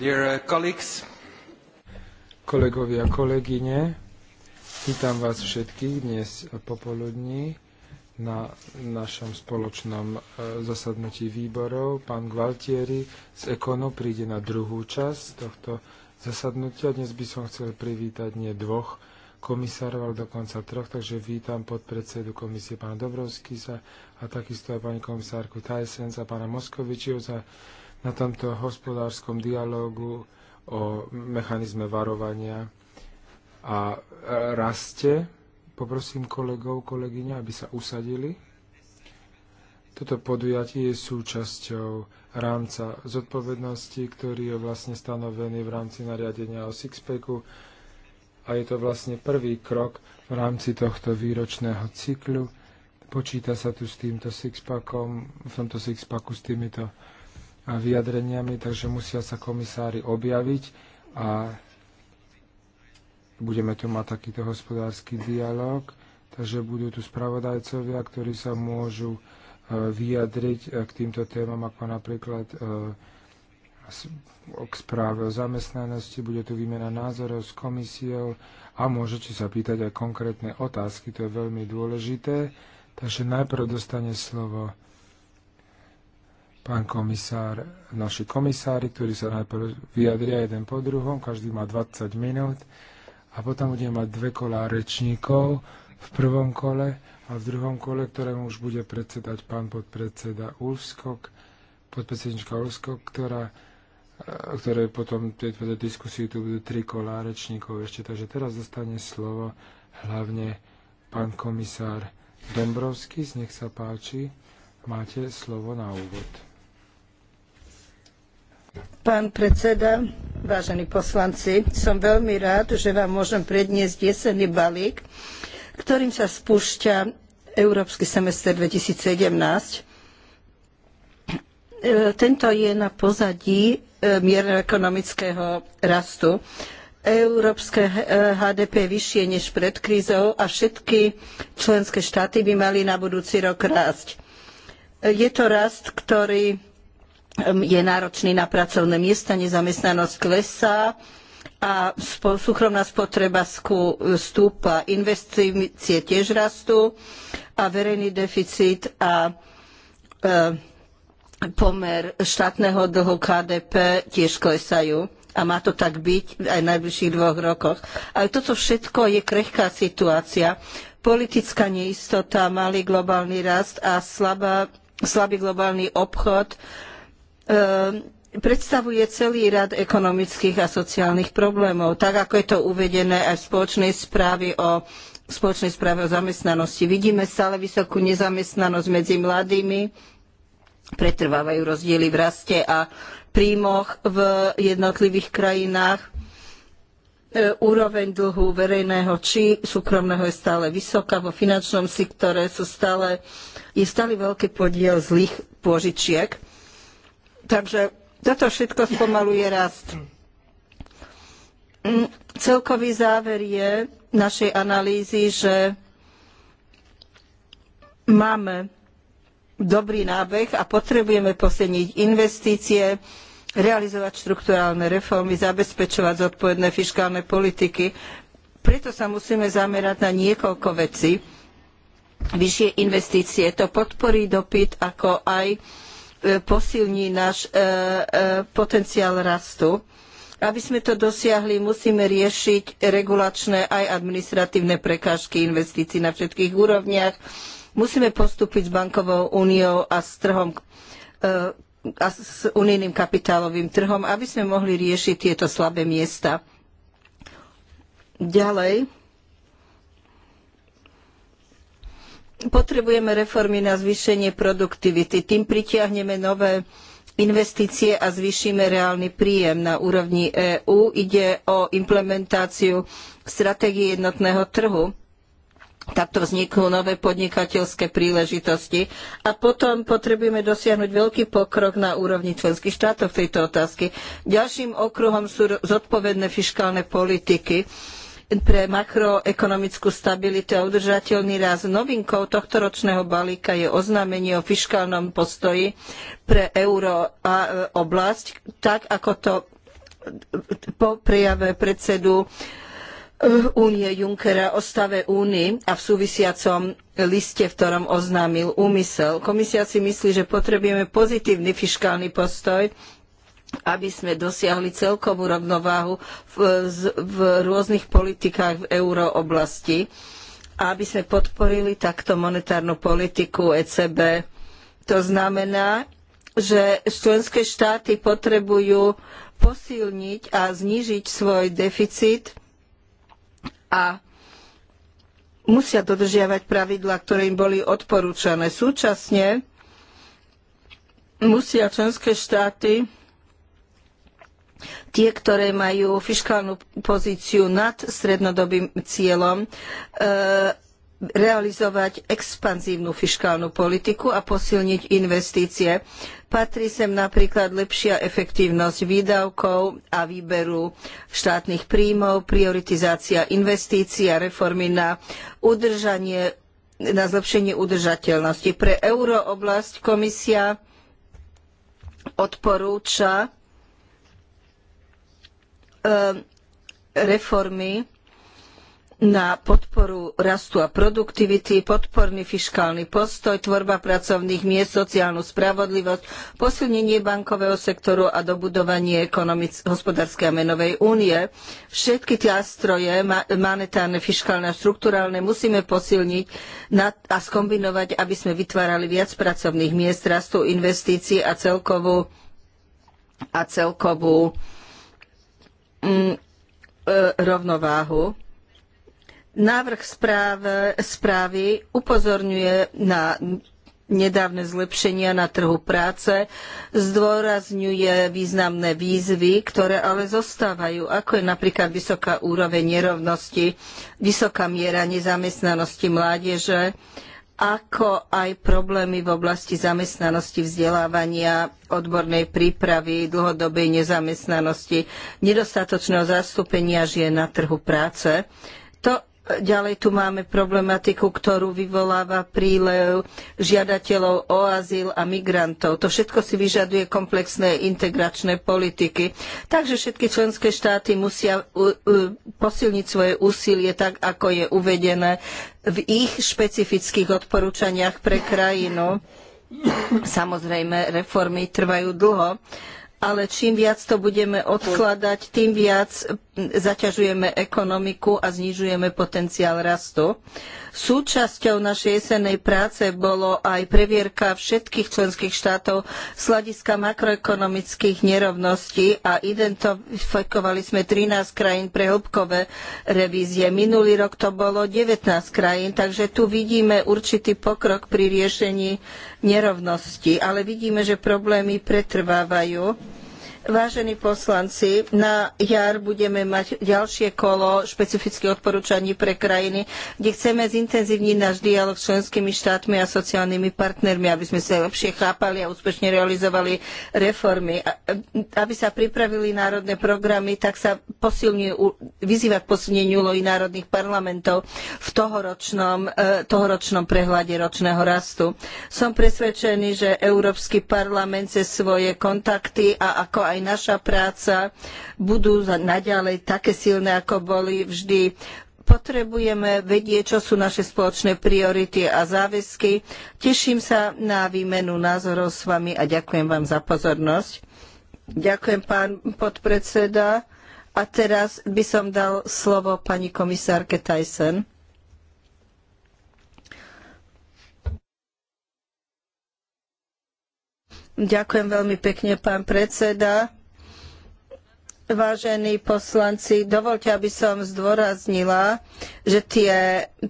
Dear uh, colleagues. Kolegovia, kolegyne, vítam vás všetkých dnes popoludní na našom spoločnom uh, zasadnutí výborov. Pán Gualtieri z Ekonu príde na druhú časť tohto zasadnutia. Dnes by som chcel privítať nie dvoch komisárov, ale dokonca troch, takže vítam podpredsedu komisie pána Dobrovskisa a takisto aj pani komisárku Tyson a pána Moskovičiho za na tomto hospodárskom dialógu o mechanizme varovania a e, raste. Poprosím kolegov, kolegyňa, aby sa usadili. Toto podujatie je súčasťou rámca zodpovednosti, ktorý je vlastne stanovený v rámci nariadenia o Sixpacku a je to vlastne prvý krok v rámci tohto výročného cyklu. Počíta sa tu s týmto sixpackom, v tomto sixpacku s týmito vyjadreniami, takže musia sa komisári objaviť a budeme tu mať takýto hospodársky dialog, takže budú tu spravodajcovia, ktorí sa môžu e, vyjadriť e, k týmto témam, ako napríklad e, k správe o zamestnanosti, bude tu výmena názorov s komisiou a môžete sa pýtať aj konkrétne otázky, to je veľmi dôležité. Takže najprv dostane slovo pán komisár, naši komisári, ktorí sa najprv vyjadria jeden po druhom, každý má 20 minút a potom budeme mať dve kolá rečníkov v prvom kole a v druhom kole, ktorému už bude predsedať pán podpredseda Ulskok, podpredsednička Ulskok, ktorá e, ktoré potom tejto diskusii tu budú tri kolá rečníkov ešte. Takže teraz dostane slovo hlavne pán komisár Dombrovský, nech sa páči, máte slovo na úvod. Pán predseda, vážení poslanci, som veľmi rád, že vám môžem predniesť jesenný balík, ktorým sa spúšťa Európsky semester 2017. E, tento je na pozadí e, ekonomického rastu. Európske HDP e, je vyššie než pred krízou a všetky členské štáty by mali na budúci rok rásť. Je to rast, ktorý je náročný na pracovné miesta, nezamestnanosť klesá a súkromná spotreba e, stúpa, investície tiež rastú a verejný deficit a e, pomer štátneho dlhu KDP tiež klesajú. A má to tak byť aj v najbližších dvoch rokoch. Ale toto všetko je krehká situácia. Politická neistota, malý globálny rast a slabá, slabý globálny obchod Ehm, predstavuje celý rad ekonomických a sociálnych problémov, tak ako je to uvedené aj v spoločnej správe o spoločnej správe o zamestnanosti. Vidíme stále vysokú nezamestnanosť medzi mladými, pretrvávajú rozdiely v raste a príjmoch v jednotlivých krajinách. E, úroveň dlhu verejného či súkromného je stále vysoká. Vo finančnom sektore sú stále, je stále veľký podiel zlých pôžičiek Takže toto všetko spomaluje rast. Mm, celkový záver je našej analýzy, že máme dobrý nábeh a potrebujeme posilniť investície, realizovať štrukturálne reformy, zabezpečovať zodpovedné fiskálne politiky. Preto sa musíme zamerať na niekoľko vecí. Vyššie investície to podporí dopyt, ako aj E, posilní náš e, e, potenciál rastu. Aby sme to dosiahli, musíme riešiť regulačné aj administratívne prekážky investícií na všetkých úrovniach. Musíme postúpiť s bankovou úniou a s trhom a s unijným kapitálovým trhom, aby sme mohli riešiť tieto slabé miesta. Ďalej, Potrebujeme reformy na zvýšenie produktivity. Tým pritiahneme nové investície a zvýšime reálny príjem na úrovni EÚ. Ide o implementáciu stratégie jednotného trhu. Takto vzniknú nové podnikateľské príležitosti. A potom potrebujeme dosiahnuť veľký pokrok na úrovni členských štátov v tejto otázke. Ďalším okruhom sú zodpovedné fiškálne politiky pre makroekonomickú stabilitu a udržateľný rast. Novinkou tohto ročného balíka je oznámenie o fiškálnom postoji pre euro a e, oblasť, tak ako to e, po prejave predsedu e, únie Junckera o stave Únie a v súvisiacom liste, v ktorom oznámil úmysel. Komisia si myslí, že potrebujeme pozitívny fiškálny postoj aby sme dosiahli celkovú rovnováhu v, v rôznych politikách v eurooblasti a aby sme podporili takto monetárnu politiku ECB. To znamená, že členské štáty potrebujú posilniť a znížiť svoj deficit a musia dodržiavať pravidlá, ktoré im boli odporúčané. Súčasne musia členské štáty tie, ktoré majú fiškálnu pozíciu nad strednodobým cieľom, e, realizovať expanzívnu fiškálnu politiku a posilniť investície. Patrí sem napríklad lepšia efektívnosť výdavkov a výberu štátnych príjmov, prioritizácia investícií a reformy na udržanie na zlepšenie udržateľnosti. Pre eurooblasť komisia odporúča E, reformy na podporu rastu a produktivity, podporný fiškálny postoj, tvorba pracovných miest, sociálnu spravodlivosť, posilnenie bankového sektoru a dobudovanie ekonomic- hospodárskej a menovej únie. Všetky tie nástroje, monetárne, fiškálne a štrukturálne, musíme posilniť a skombinovať, aby sme vytvárali viac pracovných miest, rastu investícií a celkovú, a celkovú Mm, e, rovnováhu. Návrh správe, správy upozorňuje na nedávne zlepšenia na trhu práce, zdôrazňuje významné výzvy, ktoré ale zostávajú, ako je napríklad vysoká úroveň nerovnosti, vysoká miera nezamestnanosti mládeže ako aj problémy v oblasti zamestnanosti, vzdelávania, odbornej prípravy, dlhodobej nezamestnanosti, nedostatočného zastúpenia žien na trhu práce. To Ďalej tu máme problematiku, ktorú vyvoláva prílev žiadateľov o azyl a migrantov. To všetko si vyžaduje komplexné integračné politiky. Takže všetky členské štáty musia posilniť svoje úsilie tak, ako je uvedené v ich špecifických odporúčaniach pre krajinu. Samozrejme, reformy trvajú dlho ale čím viac to budeme odkladať, tým viac zaťažujeme ekonomiku a znižujeme potenciál rastu. Súčasťou našej jesennej práce bolo aj previerka všetkých členských štátov z hľadiska makroekonomických nerovností a identifikovali sme 13 krajín pre hĺbkové revízie. Minulý rok to bolo 19 krajín, takže tu vidíme určitý pokrok pri riešení nerovností, ale vidíme, že problémy pretrvávajú Vážení poslanci, na jar budeme mať ďalšie kolo špecifických odporúčaní pre krajiny, kde chceme zintenzívniť náš dialog s členskými štátmi a sociálnymi partnermi, aby sme sa lepšie chápali a úspešne realizovali reformy. Aby sa pripravili národné programy, tak sa vyzýva k posilneniu úlohy národných parlamentov v tohoročnom, e, tohoročnom prehľade ročného rastu. Som presvedčený, že Európsky parlament cez svoje kontakty a ako aj aj naša práca budú naďalej také silné, ako boli vždy potrebujeme vedieť, čo sú naše spoločné priority a záväzky. Teším sa na výmenu názorov s vami a ďakujem vám za pozornosť. Ďakujem, pán podpredseda. A teraz by som dal slovo pani komisárke Tyson. Ďakujem veľmi pekne, pán predseda. Vážení poslanci, dovolte, aby som zdôraznila, že tie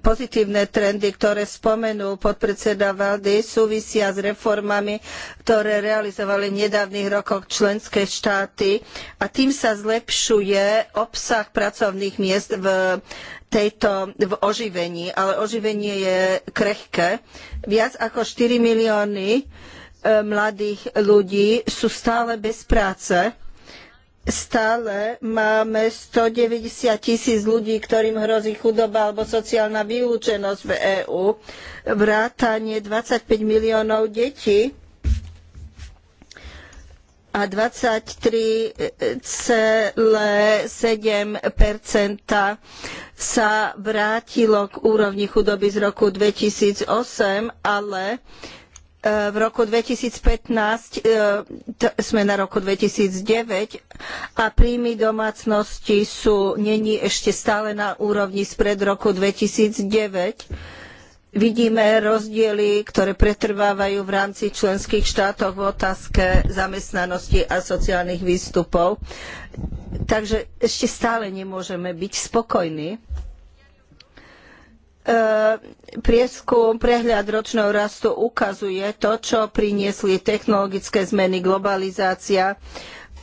pozitívne trendy, ktoré spomenul podpredseda Valdy, súvisia s reformami, ktoré realizovali v nedávnych rokoch členské štáty a tým sa zlepšuje obsah pracovných miest v tejto v oživení, ale oživenie je krehké. Viac ako 4 milióny E, mladých ľudí sú stále bez práce. Stále máme 190 tisíc ľudí, ktorým hrozí chudoba alebo sociálna vylúčenosť v EÚ. Vrátanie 25 miliónov detí a 23,7 sa vrátilo k úrovni chudoby z roku 2008, ale v roku 2015 e, sme na roku 2009 a príjmy domácnosti sú není ešte stále na úrovni spred roku 2009. Vidíme rozdiely, ktoré pretrvávajú v rámci členských štátov v otázke zamestnanosti a sociálnych výstupov. Takže ešte stále nemôžeme byť spokojní. E, prieskum prehľad ročného rastu ukazuje to, čo priniesli technologické zmeny, globalizácia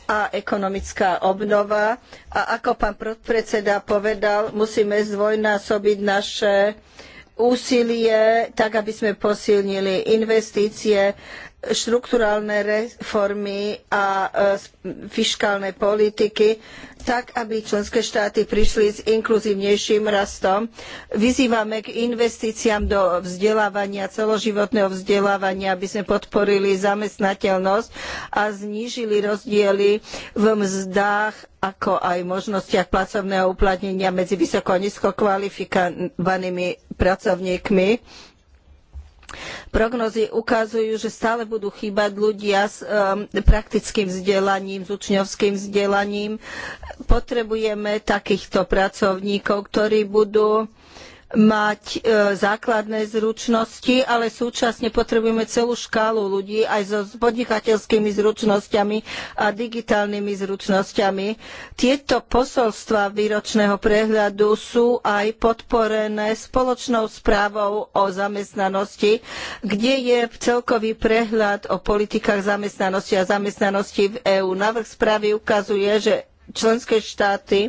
a ekonomická obnova. A ako pán podpredseda povedal, musíme zdvojnásobiť naše úsilie, tak aby sme posilnili investície, štrukturálne reformy a e, fiškálne politiky, tak aby členské štáty prišli s inkluzívnejším rastom. Vyzývame k investíciám do vzdelávania, celoživotného vzdelávania, aby sme podporili zamestnateľnosť a znížili rozdiely v mzdách ako aj možnostiach pracovného uplatnenia medzi vysoko a nízko kvalifikovanými pracovníkmi Prognozy ukazujú, že stále budú chýbať ľudia s um, praktickým vzdelaním, s učňovským vzdelaním. Potrebujeme takýchto pracovníkov, ktorí budú mať e, základné zručnosti, ale súčasne potrebujeme celú škálu ľudí aj so podnikateľskými zručnosťami a digitálnymi zručnosťami. Tieto posolstva výročného prehľadu sú aj podporené spoločnou správou o zamestnanosti, kde je celkový prehľad o politikách zamestnanosti a zamestnanosti v EÚ. Návrh správy ukazuje, že členské štáty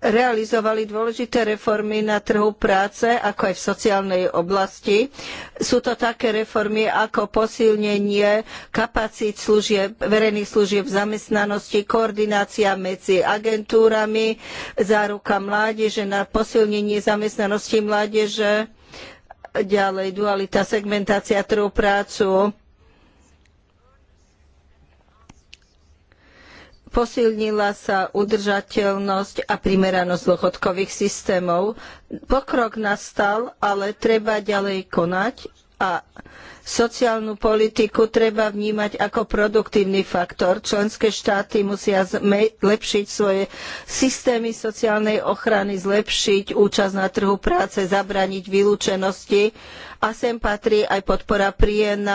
realizovali dôležité reformy na trhu práce, ako aj v sociálnej oblasti. Sú to také reformy ako posilnenie kapacít služieb, verejných služieb zamestnanosti, koordinácia medzi agentúrami, záruka mládeže na posilnenie zamestnanosti mládeže, ďalej dualita, segmentácia trhu prácu, posilnila sa udržateľnosť a primeranosť dôchodkových systémov. Pokrok nastal, ale treba ďalej konať a sociálnu politiku treba vnímať ako produktívny faktor. Členské štáty musia zlepšiť svoje systémy sociálnej ochrany, zlepšiť účasť na trhu práce, zabrániť vylúčenosti a sem patrí aj podpora príjem,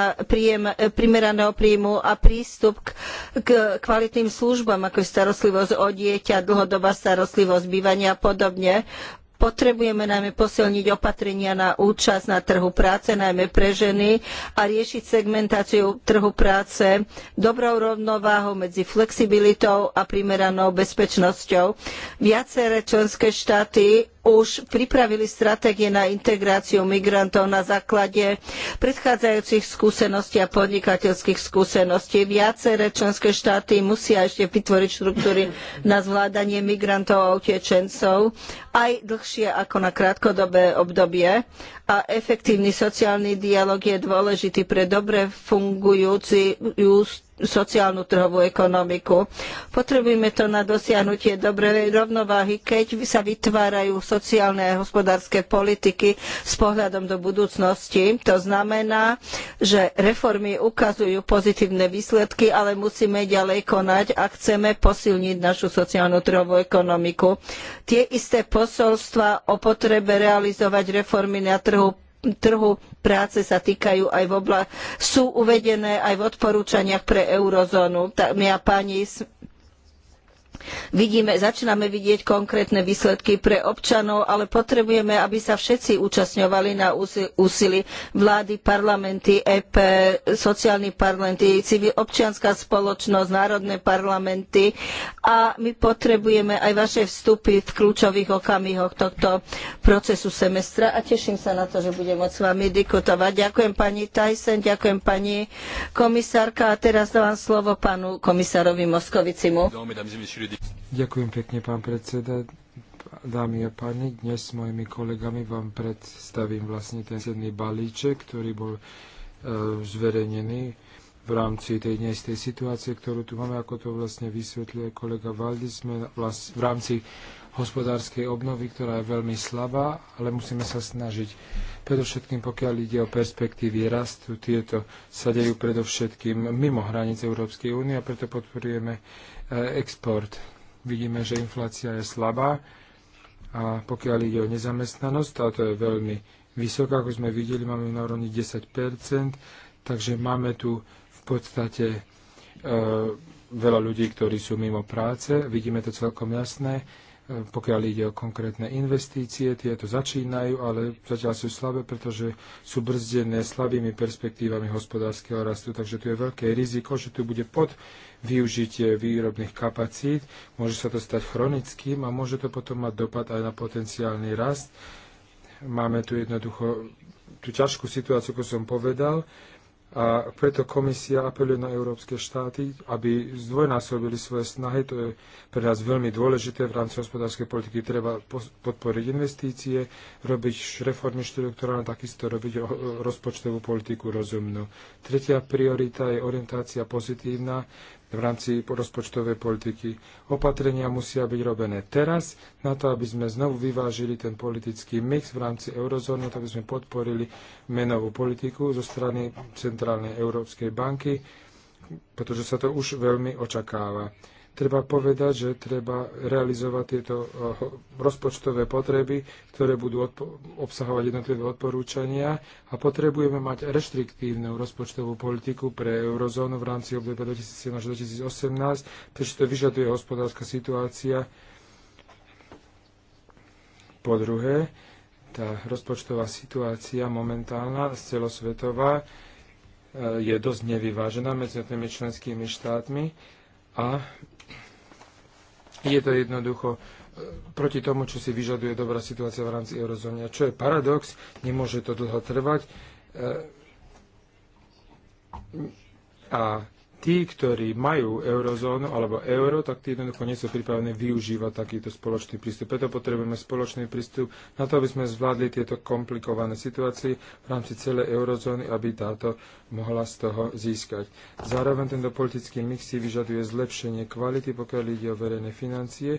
primeraného príjmu a prístup k, k kvalitným službám, ako je starostlivosť o dieťa, dlhodobá starostlivosť, bývania a podobne. Potrebujeme najmä posilniť opatrenia na účasť na trhu práce, najmä pre ženy, a riešiť segmentáciu trhu práce dobrou rovnováhou medzi flexibilitou a primeranou bezpečnosťou. Viaceré členské štáty už pripravili stratégie na integráciu migrantov na základe predchádzajúcich skúseností a podnikateľských skúseností. Viaceré členské štáty musia ešte vytvoriť štruktúry na zvládanie migrantov a utečencov aj dlhšie ako na krátkodobé obdobie a efektívny sociálny dialóg je dôležitý pre dobre fungujúci sociálnu trhovú ekonomiku. Potrebujeme to na dosiahnutie dobrej rovnováhy, keď sa vytvárajú sociálne a hospodárske politiky s pohľadom do budúcnosti. To znamená, že reformy ukazujú pozitívne výsledky, ale musíme ďalej konať a chceme posilniť našu sociálnu trhovú ekonomiku. Tie isté posolstva o potrebe realizovať reformy na trhu trhu práce sa týkajú aj v obla, sú uvedené aj v odporúčaniach pre eurozónu. a páni pani Vidíme, začíname vidieť konkrétne výsledky pre občanov, ale potrebujeme, aby sa všetci účastňovali na úsilí vlády, parlamenty, EP, sociálni parlamenty, civil, občianská spoločnosť, národné parlamenty a my potrebujeme aj vaše vstupy v kľúčových okamihoch tohto procesu semestra a teším sa na to, že budem môcť s vami diskutovať. Ďakujem pani Tyson, ďakujem pani komisárka a teraz dávam slovo panu komisárovi Moskovicimu. Ďakujem pekne, pán predseda. Dámy a páni, dnes s mojimi kolegami vám predstavím vlastne ten sedný balíček, ktorý bol e, zverejnený v rámci tej dnes tej situácie, ktorú tu máme, ako to vlastne vysvetlil kolega Valdi, sme vlast, v rámci hospodárskej obnovy, ktorá je veľmi slabá, ale musíme sa snažiť. Predovšetkým, pokiaľ ide o perspektívy rastu, tieto sa dejú predovšetkým mimo hranic Európskej únie a preto podporujeme export. Vidíme, že inflácia je slabá a pokiaľ ide o nezamestnanosť, táto je veľmi vysoká, ako sme videli, máme na úrovni 10 takže máme tu v podstate e, veľa ľudí, ktorí sú mimo práce, vidíme to celkom jasné pokiaľ ide o konkrétne investície, tieto začínajú, ale zatiaľ sú slabé, pretože sú brzdené slabými perspektívami hospodárskeho rastu, takže tu je veľké riziko, že tu bude pod využitie výrobných kapacít, môže sa to stať chronickým a môže to potom mať dopad aj na potenciálny rast. Máme tu jednoducho tú ťažkú situáciu, ako som povedal, a preto komisia apeluje na európske štáty, aby zdvojnásobili svoje snahy. To je pre nás veľmi dôležité. V rámci hospodárskej politiky treba podporiť investície, robiť reformy štruktúrálne, takisto robiť rozpočtovú politiku rozumnú. Tretia priorita je orientácia pozitívna v rámci rozpočtovej politiky. Opatrenia musia byť robené teraz, na to, aby sme znovu vyvážili ten politický mix v rámci eurozóny, aby sme podporili menovú politiku zo strany Centrálnej Európskej banky, pretože sa to už veľmi očakáva treba povedať, že treba realizovať tieto eh, rozpočtové potreby, ktoré budú obsahovať jednotlivé odporúčania a potrebujeme mať reštriktívnu rozpočtovú politiku pre eurozónu v rámci obdobia 2017-2018, pretože to vyžaduje hospodárska situácia. Po druhé, tá rozpočtová situácia momentálna, celosvetová, eh, je dosť nevyvážená medzi tými členskými štátmi a je to jednoducho e, proti tomu, čo si vyžaduje dobrá situácia v rámci eurozóny. A čo je paradox, nemôže to dlho trvať. E, a tí, ktorí majú eurozónu alebo euro, tak tí jednoducho nie sú pripravení využívať takýto spoločný prístup. Preto potrebujeme spoločný prístup na to, aby sme zvládli tieto komplikované situácie v rámci celej eurozóny, aby táto mohla z toho získať. Zároveň tento politický mix si vyžaduje zlepšenie kvality, pokiaľ ide o verejné financie,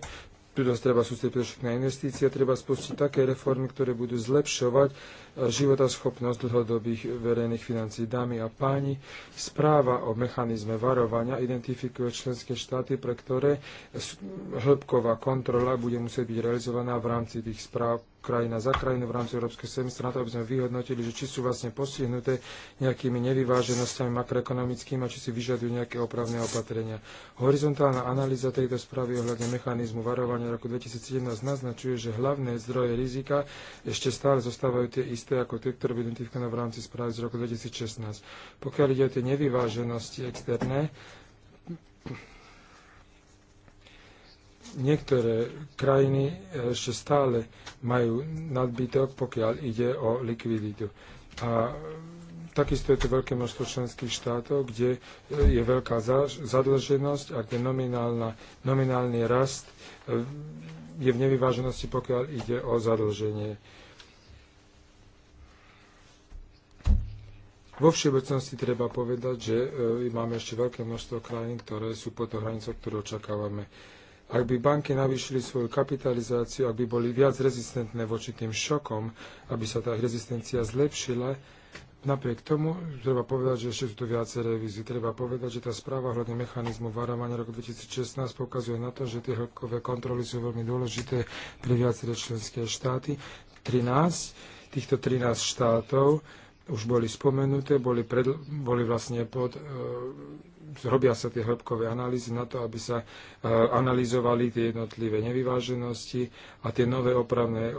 Pritom treba sústrediť predovšetkým na investície, treba spustiť také reformy, ktoré budú zlepšovať e, životaschopnosť dlhodobých verejných financí. Dámy a páni, správa o mechanizme varovania identifikuje členské štáty, pre ktoré hĺbková kontrola bude musieť byť realizovaná v rámci tých správ krajina za krajinu v rámci Európskej semestra na to, aby sme vyhodnotili, že či sú vlastne postihnuté nejakými nevyváženostiami makroekonomickými a či si vyžadujú nejaké opravné opatrenia. Horizontálna analýza tejto správy ohľadne mechanizmu varovania roku 2017 naznačuje, že hlavné zdroje rizika ešte stále zostávajú tie isté ako tie, ktoré by identifikované v rámci správy z roku 2016. Pokiaľ ide o tie nevyváženosti externé, Niektoré krajiny e, ešte stále majú nadbytok, pokiaľ ide o likviditu. A e, takisto je to veľké množstvo členských štátov, kde e, je veľká zadlženosť a kde nominálny rast je v nevyváženosti, pokiaľ ide o zadlženie. Vo všeobecnosti treba povedať, že máme ešte veľké množstvo krajín, ktoré sú pod hranicou, ktorú očakávame. Ak by banky navýšili svoju kapitalizáciu, ak by boli viac rezistentné voči tým šokom, aby sa tá rezistencia zlepšila, Napriek tomu, treba povedať, že ešte sú tu viacej revízy. Treba povedať, že tá správa hľadne mechanizmu varovania roku 2016 pokazuje na to, že tie hĺbkové kontroly sú veľmi dôležité pre viaceré členské štáty. 13, týchto 13 štátov už boli spomenuté, boli, pred, boli vlastne pod e, robia sa tie hĺbkové analýzy na to, aby sa e, analyzovali tie jednotlivé nevyváženosti a tie nové opravné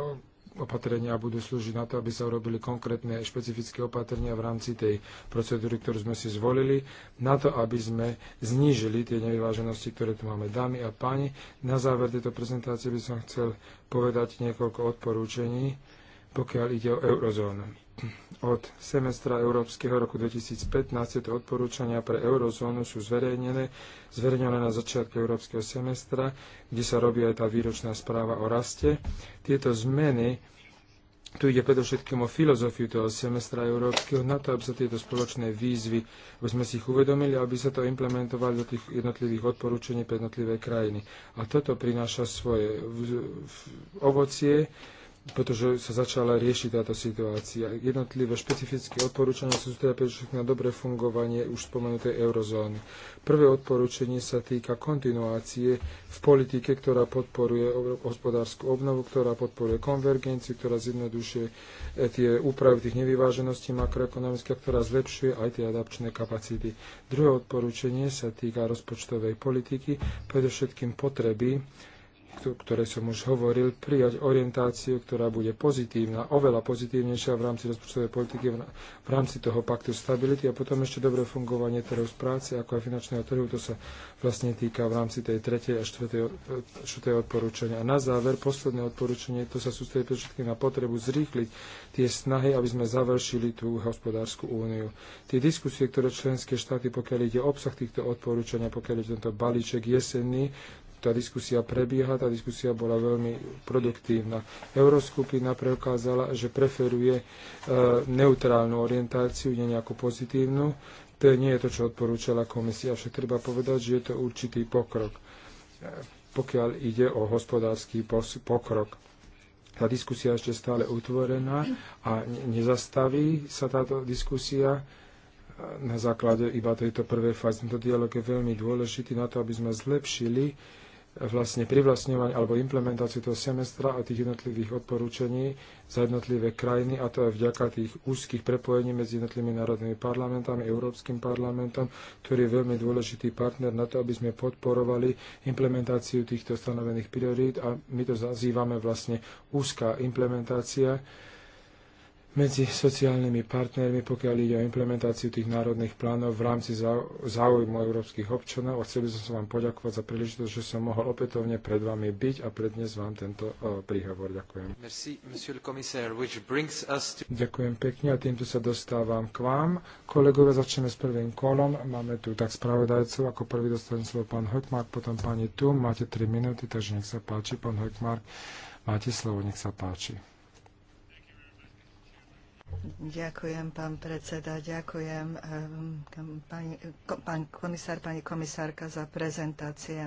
opatrenia budú slúžiť na to, aby sa urobili konkrétne špecifické opatrenia v rámci tej procedúry, ktorú sme si zvolili, na to, aby sme znížili tie nevyváženosti, ktoré tu máme. Dámy a páni, na záver tejto prezentácie by som chcel povedať niekoľko odporúčení, pokiaľ ide o eurozónu od semestra Európskeho roku 2015. Tieto odporúčania pre eurozónu sú zverejnené, zverejnené na začiatku Európskeho semestra, kde sa robí aj tá výročná správa o raste. Tieto zmeny tu ide predovšetkým o filozofiu toho semestra európskeho, na to, aby sa tieto spoločné výzvy, aby sme si ich uvedomili, aby sa to implementovali do tých jednotlivých odporúčení pre jednotlivé krajiny. A toto prináša svoje ovocie, pretože sa začala riešiť táto situácia. Jednotlivé špecifické odporúčania sú teda predovšetkým na dobré fungovanie už spomenutej eurozóny. Prvé odporúčanie sa týka kontinuácie v politike, ktorá podporuje hospodárskú obnovu, ktorá podporuje konvergenciu, ktorá zjednodušuje e, tie úpravy tých nevyvážeností makroekonomické, ktorá zlepšuje aj tie adapčné kapacity. Druhé odporúčanie sa týka rozpočtovej politiky, predovšetkým potreby ktoré som už hovoril, prijať orientáciu, ktorá bude pozitívna, oveľa pozitívnejšia v rámci rozpočtovej politiky, v rámci toho paktu stability a potom ešte dobré fungovanie trhu z práce, ako aj finančného trhu, to sa vlastne týka v rámci tej tretej a štvrtej e, odporúčania. A na záver, posledné odporúčanie, to sa sústredí predovšetkým na potrebu zrýchliť tie snahy, aby sme završili tú hospodárskú úniu. Tie diskusie, ktoré členské štáty, pokiaľ ide obsah týchto odporúčania, pokiaľ ide tento balíček jesenný, tá diskusia prebieha, tá diskusia bola veľmi produktívna. Euroskupina preukázala, že preferuje e, neutrálnu orientáciu, nie nejakú pozitívnu. To nie je to, čo odporúčala komisia, však treba povedať, že je to určitý pokrok, e, pokiaľ ide o hospodársky pokrok. Tá diskusia ešte stále utvorená a nezastaví sa táto diskusia e, na základe iba tejto prvej fázy. Tento dialog je veľmi dôležitý na to, aby sme zlepšili vlastne privlastňovanie alebo implementáciu toho semestra a tých jednotlivých odporúčení za jednotlivé krajiny a to aj vďaka tých úzkých prepojení medzi jednotlivými národnými parlamentami, Európskym parlamentom, ktorý je veľmi dôležitý partner na to, aby sme podporovali implementáciu týchto stanovených priorít a my to nazývame vlastne úzká implementácia medzi sociálnymi partnermi, pokiaľ ide o implementáciu tých národných plánov v rámci záujmu európskych občanov. A chcel by som sa vám poďakovať za príležitosť, že som mohol opätovne pred vami byť a prednes vám tento príhovor. Ďakujem. Ďakujem pekne a týmto sa dostávam k vám. Kolegovia, začneme s prvým kolom. Máme tu tak spravodajcov, ako prvý dostane slovo pán Hojtmark, potom pani Tu. Máte 3 minúty, takže nech sa páči, pán Hojtmark. Máte slovo, nech sa páči. Ďakujem, pán predseda, ďakujem, ehm, pani, pán komisár, pani komisárka za prezentácie.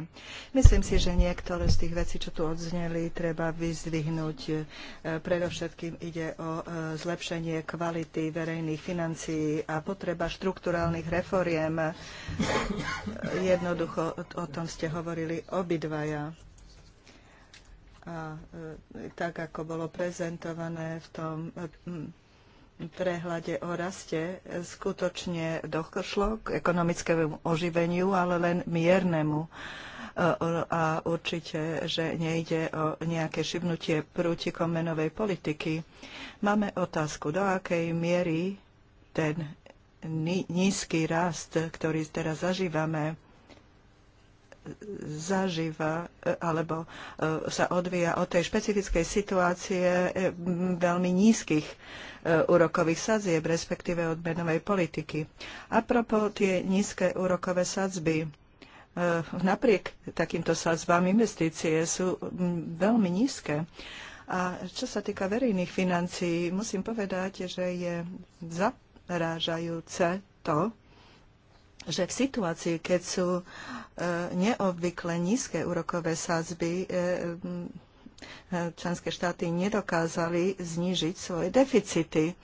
Myslím si, že niektoré z tých vecí, čo tu odzneli, treba vyzdvihnúť. E, predovšetkým ide o e, zlepšenie kvality verejných financií a potreba štrukturálnych reforiem. E, jednoducho o tom ste hovorili obidvaja a tak, ako bolo prezentované v tom prehľade o raste skutočne došlo k ekonomickému oživeniu, ale len miernemu. E, a určite, že nejde o nejaké šibnutie prútikom menovej politiky. Máme otázku, do akej miery ten nízky rast, ktorý teraz zažívame, zažíva e, alebo e, sa odvíja od tej špecifickej situácie e, veľmi nízkych úrokových sadzieb, respektíve od menovej politiky. A propo tie nízke úrokové sadzby, napriek takýmto sadzbám investície sú veľmi nízke. A čo sa týka verejných financií, musím povedať, že je zarážajúce to, že v situácii, keď sú e, neobvykle nízke úrokové sázby, e, e, členské štáty nedokázali znížiť svoje deficity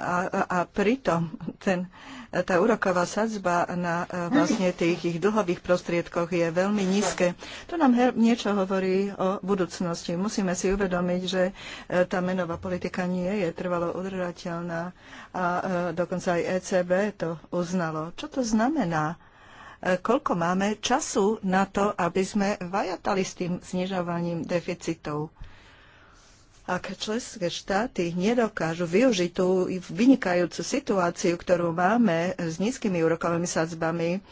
a, a pritom ten, tá úroková sadzba na e, vlastne tých ich dlhových prostriedkoch je veľmi nízke. To nám her, niečo hovorí o budúcnosti. Musíme si uvedomiť, že e, tá menová politika nie je trvalo udržateľná a e, dokonca aj ECB to uznalo. Čo to znamená? Koľko máme času na to, aby sme vajatali s tým znižovaním deficitov? ak členské štáty nedokážu využiť tú vynikajúcu situáciu, ktorú máme s nízkymi úrokovými sadzbami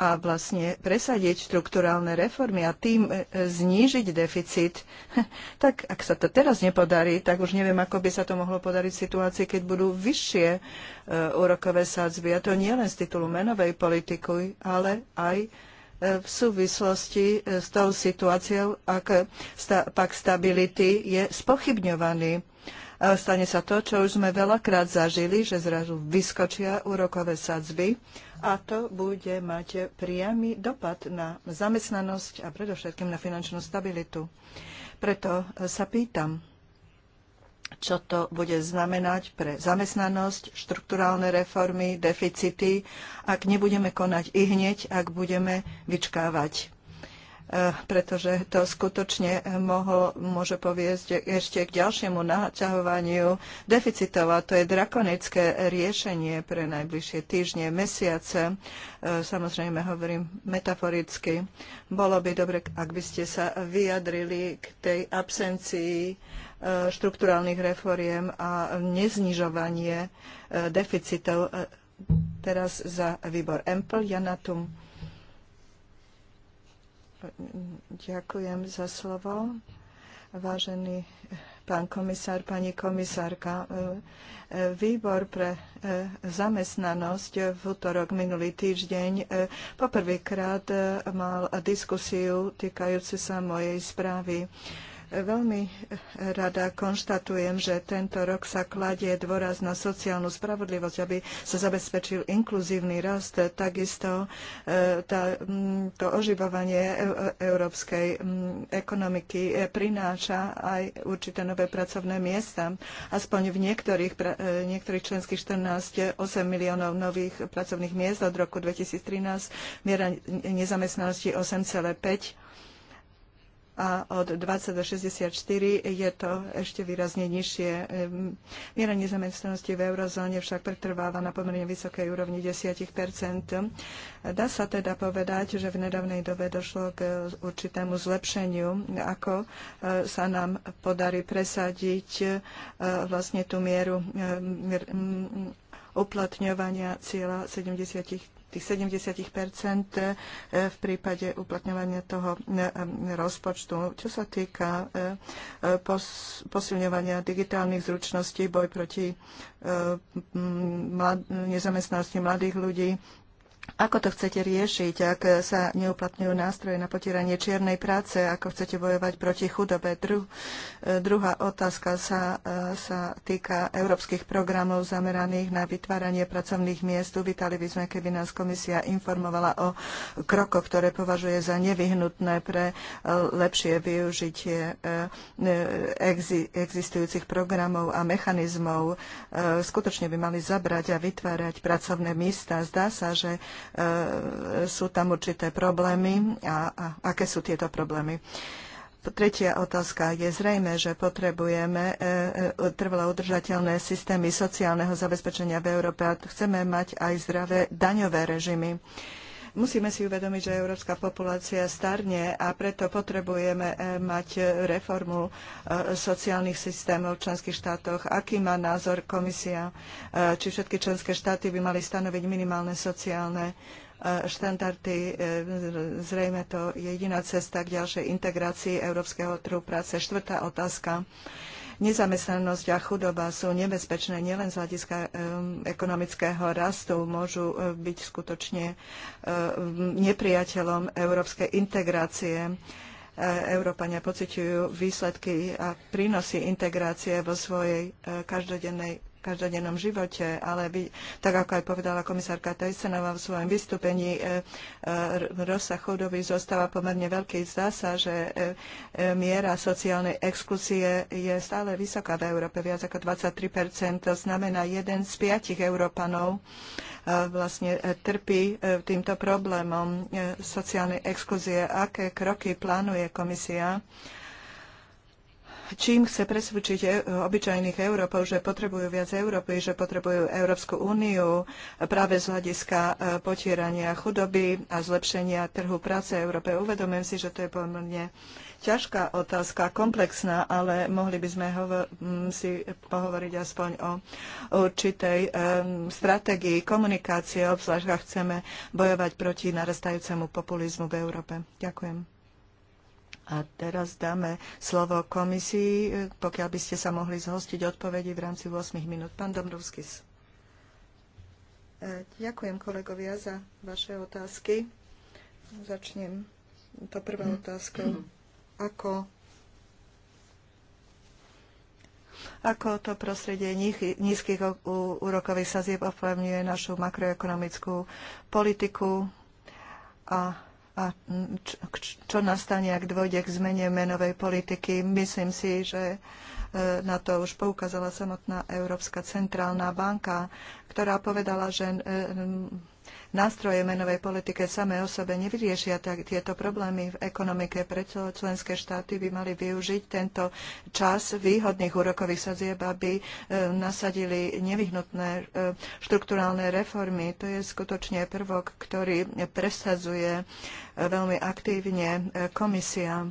a vlastne presadiť štruktúrálne reformy a tým e, znížiť deficit, tak ak sa to teraz nepodarí, tak už neviem, ako by sa to mohlo podariť v situácii, keď budú vyššie e, úrokové sadzby. A to nie len z titulu menovej politiky, ale aj v súvislosti eh, s tou situáciou, ak pak stability je spochybňovaný. A stane sa to, čo už sme veľakrát zažili, že zrazu vyskočia úrokové sadzby a to bude mať priamy dopad na zamestnanosť a predovšetkým na finančnú stabilitu. Preto sa pýtam, čo to bude znamenať pre zamestnanosť, štrukturálne reformy, deficity, ak nebudeme konať i hneď, ak budeme vyčkávať e, pretože to skutočne mohol, môže poviesť ešte k ďalšiemu naťahovaniu deficitov a to je drakonické riešenie pre najbližšie týždne, mesiace. E, samozrejme hovorím metaforicky. Bolo by dobre, ak by ste sa vyjadrili k tej absencii štrukturálnych reforiem a neznižovanie e, deficitov. E, teraz za výbor EMPL Janatum. Ďakujem za slovo. Vážený pán komisár, pani komisárka, e, výbor pre zamestnanosť v útorok minulý týždeň poprvýkrát mal diskusiu týkajúcu sa mojej správy Veľmi rada konštatujem, že tento rok sa kladie dôraz na sociálnu spravodlivosť, aby sa zabezpečil inkluzívny rast, takisto e, tá, to oživovanie e, e, európskej ekonomiky prináša aj určité nové pracovné miesta. Aspoň v niektorých, niektorých členských 14 8 miliónov nových pracovných miest od roku 2013, miera nezamestnanosti 8,5 a od 20 do 64 je to ešte výrazne nižšie. Miera nezamestnanosti v eurozóne však pretrváva na pomerne vysokej úrovni 10 Dá sa teda povedať, že v nedávnej dobe došlo k určitému zlepšeniu, ako e, sa nám podarí presadiť e, vlastne tú mieru e, uplatňovania cieľa tých 70 e, v prípade uplatňovania toho e, e, rozpočtu. Čo sa týka posilňovania digitálnych zručností, boj proti nezamestnanosti mladých ľudí, ako to chcete riešiť, ak sa neuplatňujú nástroje na potieranie čiernej práce? Ako chcete bojovať proti chudobe? Dru, e, druhá otázka sa, e, sa týka európskych programov zameraných na vytváranie pracovných miest. Uvítali by sme, keby nás komisia informovala o krokoch, ktoré považuje za nevyhnutné pre e, lepšie využitie existujúcich programov a mechanizmov. Skutočne by mali zabrať a vytvárať pracovné miesta. Zdá sa, že E, sú tam určité problémy a, a aké sú tieto problémy. Tretia otázka. Je zrejme, že potrebujeme e, e, trvalo udržateľné systémy sociálneho zabezpečenia v Európe a chceme mať aj zdravé daňové režimy. Musíme si uvedomiť, že európska populácia starne a preto potrebujeme eh, mať reformu eh, sociálnych systémov v členských štátoch. Aký má názor komisia? Eh, či všetky členské štáty by mali stanoviť minimálne sociálne štandardy. Zrejme to je jediná cesta k ďalšej integrácii európskeho trhu práce. Štvrtá otázka Nezamestnanosť a chudoba sú nebezpečné nielen z hľadiska ekonomického rastu, môžu e, byť skutočne e, nepriateľom európskej integrácie. E, Európania pociťujú výsledky a prínosy integrácie vo svojej každodennej každodennom živote, ale by, tak ako aj povedala komisárka Tajsenová v svojom vystúpení, e, e, rozsah chudoby zostáva pomerne veľký. Zdá sa, že e, miera sociálnej exklusie je stále vysoká v Európe, viac ako 23 To znamená, jeden z piatich Európanov vlastne trpí týmto problémom sociálnej exkluzie. Aké kroky plánuje komisia čím chce presvedčiť e, obyčajných Európov, že potrebujú viac Európy, že potrebujú Európsku úniu práve z hľadiska e, potierania chudoby a zlepšenia trhu práce Európe. Uvedomujem si, že to je pomerne ťažká otázka, komplexná, ale mohli by sme mm, si pohovoriť aspoň o určitej um, stratégii komunikácie, obzvlášť ak chceme bojovať proti narastajúcemu populizmu v Európe. Ďakujem. A teraz dáme slovo komisii, pokiaľ by ste sa mohli zhostiť odpovedi v rámci 8 minút. Pán Dombrovskis. E, ďakujem kolegovia za vaše otázky. Začnem to prvá otázkou. Ako ako to prostredie nízkych úrokových sazieb ovplyvňuje našu makroekonomickú politiku a a čo, čo nastane, ak dôjde k zmene menovej politiky. Myslím si, že e, na to už poukázala samotná Európska centrálna banka, ktorá povedala, že e, nástroje menovej politike samé o sebe nevyriešia tak, tieto problémy v ekonomike. Preto členské štáty by mali využiť tento čas výhodných úrokových sadzieb, aby e, nasadili nevyhnutné e, štrukturálne reformy. To je skutočne prvok, ktorý presadzuje e, veľmi aktívne komisia.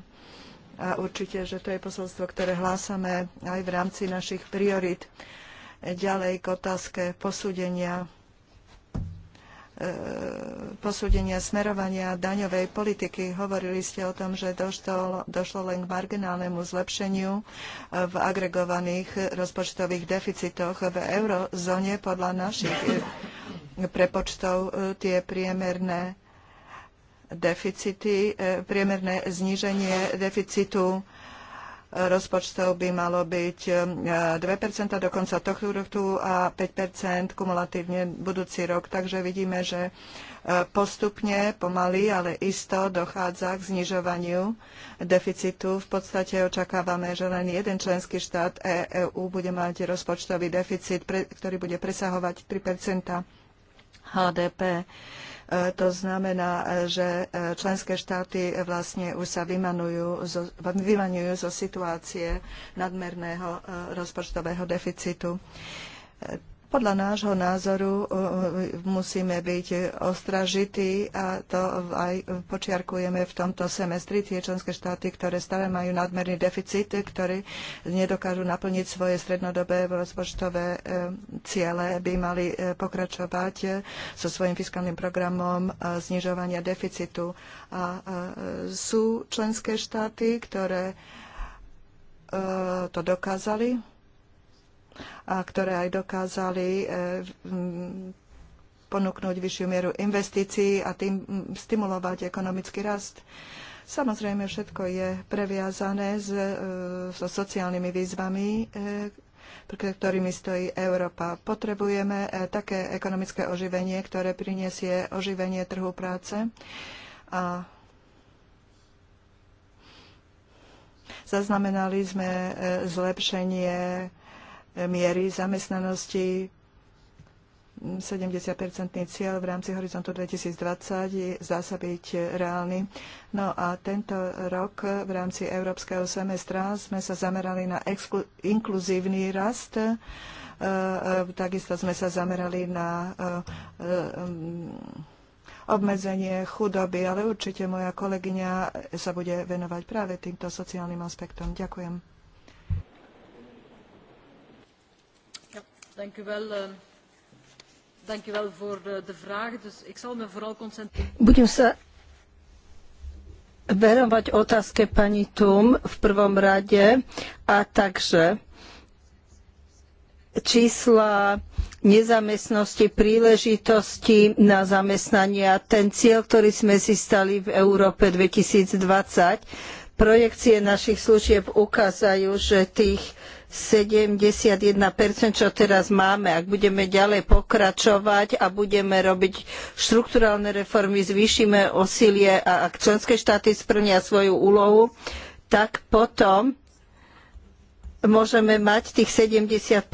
A určite, že to je posolstvo, ktoré hlásame aj v rámci našich priorit. Ďalej k otázke posúdenia E, posúdenia smerovania daňovej politiky. Hovorili ste o tom, že došlo, došlo len k marginálnemu zlepšeniu v agregovaných rozpočtových deficitoch v eurozóne. Podľa našich prepočtov e, tie priemerné deficity, e, priemerné zníženie deficitu rozpočtov by malo byť 2% e, do konca tohto roku a 5% kumulatívne budúci rok. Takže vidíme, že e, postupne, pomaly, ale isto dochádza k znižovaniu deficitu. V podstate očakávame, že len jeden členský štát EÚ e bude mať rozpočtový deficit, ktorý bude presahovať 3 HDP. E, to znamená, e, že e, členské štáty vlastne už sa vymanujú zo, zo situácie nadmerného rozpočtového deficitu podľa nášho názoru e, e, musíme byť ostražití a to aj počiarkujeme v tomto semestri tie členské štáty, ktoré stále majú nadmerný deficit, ktorí nedokážu naplniť svoje strednodobé rozpočtové e, ciele, by mali pokračovať so svojím fiskálnym programom znižovania deficitu. A sú členské štáty, ktoré to dokázali a ktoré aj dokázali e, ponúknuť vyššiu mieru investícií a tým stimulovať ekonomický rast. Samozrejme, všetko je previazané s, e, so sociálnymi výzvami, e, pred ktorými stojí Európa. Potrebujeme také ekonomické oživenie, ktoré priniesie oživenie trhu práce a zaznamenali sme zlepšenie miery zamestnanosti. 70-percentný cieľ v rámci horizontu 2020 zdá sa byť reálny. No a tento rok v rámci európskeho semestra sme sa zamerali na inkluzívny rast e, e, takisto sme sa zamerali na e, obmedzenie chudoby, ale určite moja kolegyňa sa bude venovať práve týmto sociálnym aspektom. Ďakujem. Ehm, eh, Budem sa venovať otázke pani Tum v prvom rade a takže čísla nezamestnosti, príležitosti na zamestnania, ten cieľ, ktorý sme si stali v Európe 2020. Projekcie našich služieb ukazujú, že tých 71%, čo teraz máme. Ak budeme ďalej pokračovať a budeme robiť štrukturálne reformy, zvýšime osilie a ak členské štáty splnia svoju úlohu, tak potom môžeme mať tých 75%.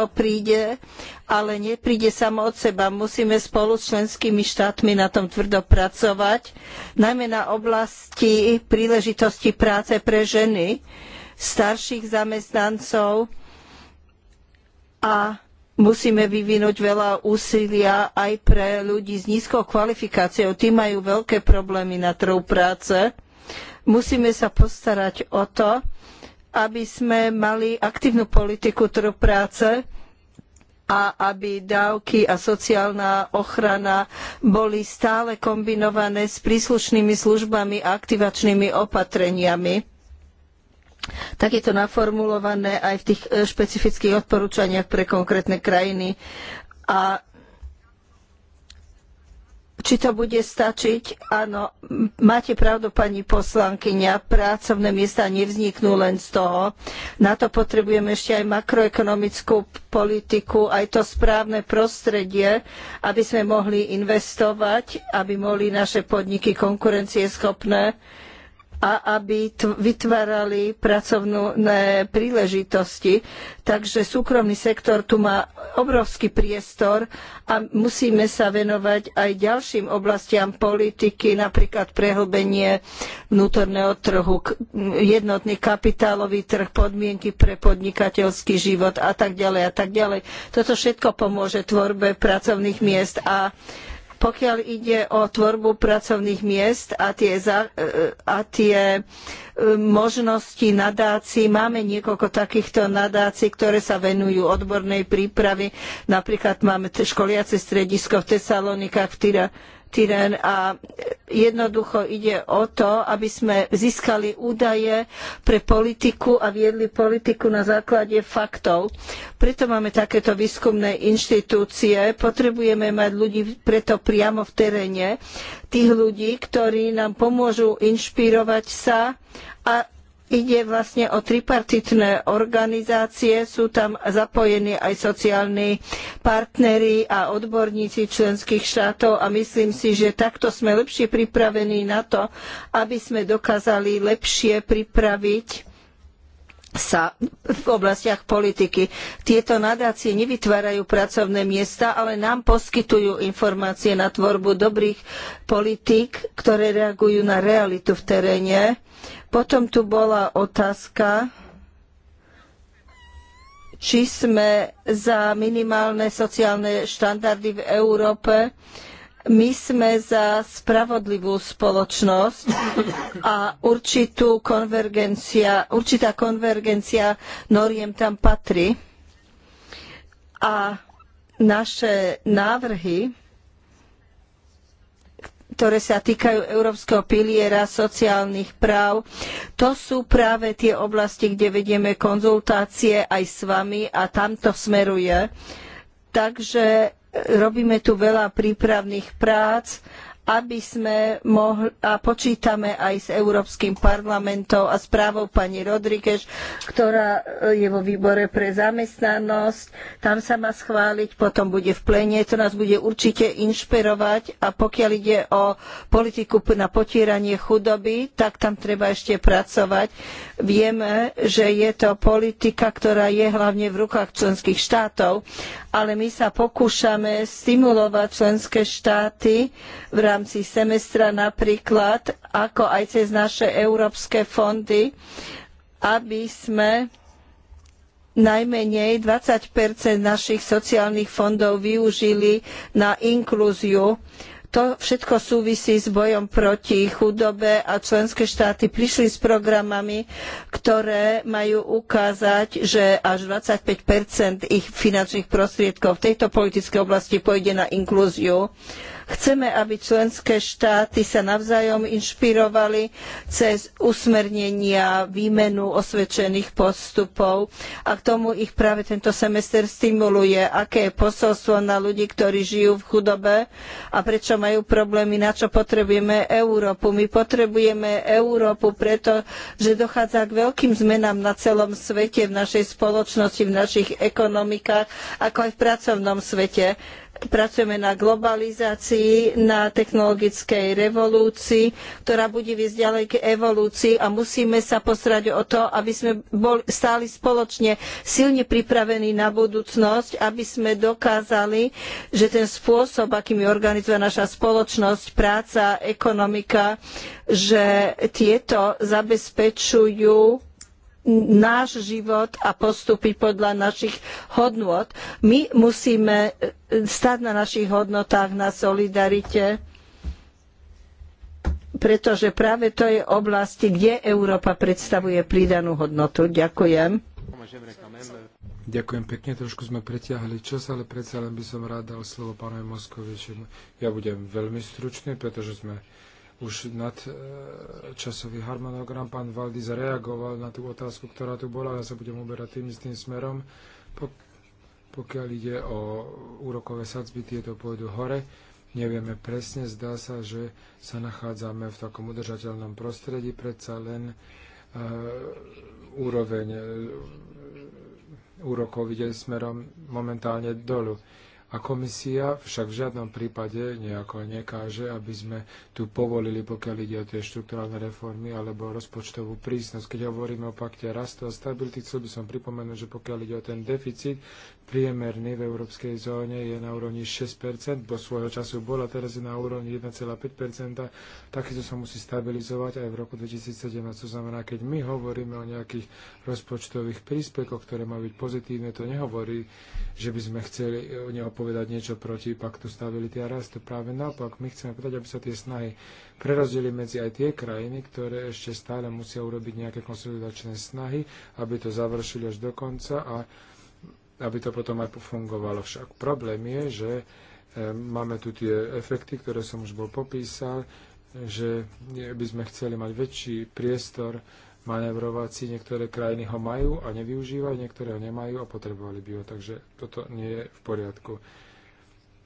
To príde, ale nepríde samo od seba. Musíme spolu s členskými štátmi na tom tvrdo pracovať, najmä na oblasti príležitosti práce pre ženy. Uh, starších zamestnancov a musíme vyvinúť veľa úsilia aj pre ľudí s nízkou kvalifikáciou. Tí majú veľké problémy na trhu práce. Musíme sa postarať o to, aby sme mali aktívnu politiku trhu práce a aby dávky a sociálna ochrana boli stále kombinované s príslušnými službami a aktivačnými opatreniami tak je to naformulované aj v tých e, špecifických odporúčaniach pre konkrétne krajiny. A či to bude stačiť? Áno, máte pravdu, pani poslankyňa, pracovné miesta nevzniknú len z toho. Na to potrebujeme ešte aj makroekonomickú politiku, aj to správne prostredie, aby sme mohli investovať, aby boli naše podniky konkurencieschopné. schopné a aby vytvárali pracovné príležitosti. Takže súkromný sektor tu má obrovský priestor a musíme sa venovať aj ďalším oblastiam politiky, napríklad prehlbenie vnútorného trhu, jednotný kapitálový trh, podmienky pre podnikateľský život a tak ďalej a tak ďalej. Toto všetko pomôže tvorbe pracovných miest a pokiaľ ide o tvorbu pracovných miest a tie, e, a tie e, možnosti nadácií, máme niekoľko takýchto nadácií, ktoré sa venujú odbornej prípravy. Napríklad máme školiace stredisko v Tesalonikách, v Tyra, Tyren a jednoducho ide o to, aby sme získali údaje pre politiku a viedli politiku na základe faktov. Preto máme takéto výskumné inštitúcie, potrebujeme mať ľudí preto priamo v teréne, tých ľudí, ktorí nám pomôžu inšpirovať sa a Ide vlastne o tripartitné organizácie, sú tam zapojení aj sociálni partneri a odborníci členských štátov a myslím si, že takto sme lepšie pripravení na to, aby sme dokázali lepšie pripraviť sa v oblastiach politiky. Tieto nadácie nevytvárajú pracovné miesta, ale nám poskytujú informácie na tvorbu dobrých politík, ktoré reagujú na realitu v teréne potom tu bola otázka, či sme za minimálne sociálne štandardy v Európe. My sme za spravodlivú spoločnosť a určitú konvergencia, určitá konvergencia noriem tam patrí. A naše návrhy ktoré sa týkajú Európskeho piliera sociálnych práv. To sú práve tie oblasti, kde vedieme konzultácie aj s vami a tam to smeruje. Takže robíme tu veľa prípravných prác aby sme mohli, a počítame aj s Európskym parlamentom a správou pani Rodríguez, ktorá e, je vo výbore pre zamestnanosť. Tam sa má schváliť, potom bude v plene, to nás bude určite inšpirovať a pokiaľ ide o politiku na potieranie chudoby, tak tam treba ešte pracovať. Vieme, že je to politika, ktorá je hlavne v rukách členských štátov, ale my sa pokúšame stimulovať členské štáty v rámci semestra napríklad, ako aj cez naše európske fondy, aby sme najmenej 20 našich sociálnych fondov využili na inklúziu. To všetko súvisí s bojom proti chudobe a členské štáty prišli s programami, ktoré majú ukázať, že až 25 ich finančných prostriedkov v tejto politickej oblasti pôjde na inklúziu. Chceme, aby členské štáty sa navzájom inšpirovali cez usmernenia, výmenu osvedčených postupov a k tomu ich práve tento semester stimuluje, aké je posolstvo na ľudí, ktorí žijú v chudobe a prečo majú problémy, na čo potrebujeme Európu. My potrebujeme Európu preto, že dochádza k veľkým zmenám na celom svete, v našej spoločnosti, v našich ekonomikách, ako aj v pracovnom svete. Pracujeme na globalizácii, na technologickej revolúcii, ktorá bude viesť ďalej k evolúcii a musíme sa postarať o to, aby sme bol, stáli spoločne silne pripravení na budúcnosť, aby sme dokázali, že ten spôsob, akým je organizovaná naša spoločnosť, práca, ekonomika, že tieto zabezpečujú náš život a postúpiť podľa našich hodnôt. My musíme e, stať na našich hodnotách, na solidarite, pretože práve to je oblasti, kde Európa predstavuje pridanú hodnotu. Ďakujem. Ďakujem pekne, trošku sme pretiahli čas, ale predsa len by som rád dal slovo pánovi Moskovičovi. Ja budem veľmi stručný, pretože sme už nad e, časový harmonogram. Pán Valdy zareagoval na tú otázku, ktorá tu bola. Ja sa budem uberať tým istým smerom. Pokiaľ ide o úrokové sadzby, tieto pôjdu hore. Nevieme presne, zdá sa, že sa nachádzame v takom udržateľnom prostredí, predsa len uh, úroveň uh, úrokov ide smerom momentálne dolu. A komisia však v žiadnom prípade nejako nekáže, aby sme tu povolili, pokiaľ ide o tie štruktúralne reformy alebo rozpočtovú prísnosť. Keď hovoríme o pakte rastu a stability, chcel by som pripomenúť, že pokiaľ ide o ten deficit, priemerný v európskej zóne je na úrovni 6%, bo svojho času bola, teraz je na úrovni 1,5%. Takýto sa musí stabilizovať aj v roku 2017. To znamená, keď my hovoríme o nejakých rozpočtových príspekoch, ktoré majú byť pozitívne, to nehovorí, že by sme chceli o neho povedať niečo proti paktu stability a rastu. Práve naopak, my chceme povedať, aby sa tie snahy prerozdeli medzi aj tie krajiny, ktoré ešte stále musia urobiť nejaké konsolidačné snahy, aby to završili až do konca a aby to potom aj fungovalo. Však problém je, že e, máme tu tie efekty, ktoré som už bol popísal, že by sme chceli mať väčší priestor si, niektoré krajiny ho majú a nevyužívajú, niektoré ho nemajú a potrebovali by ho, takže toto nie je v poriadku.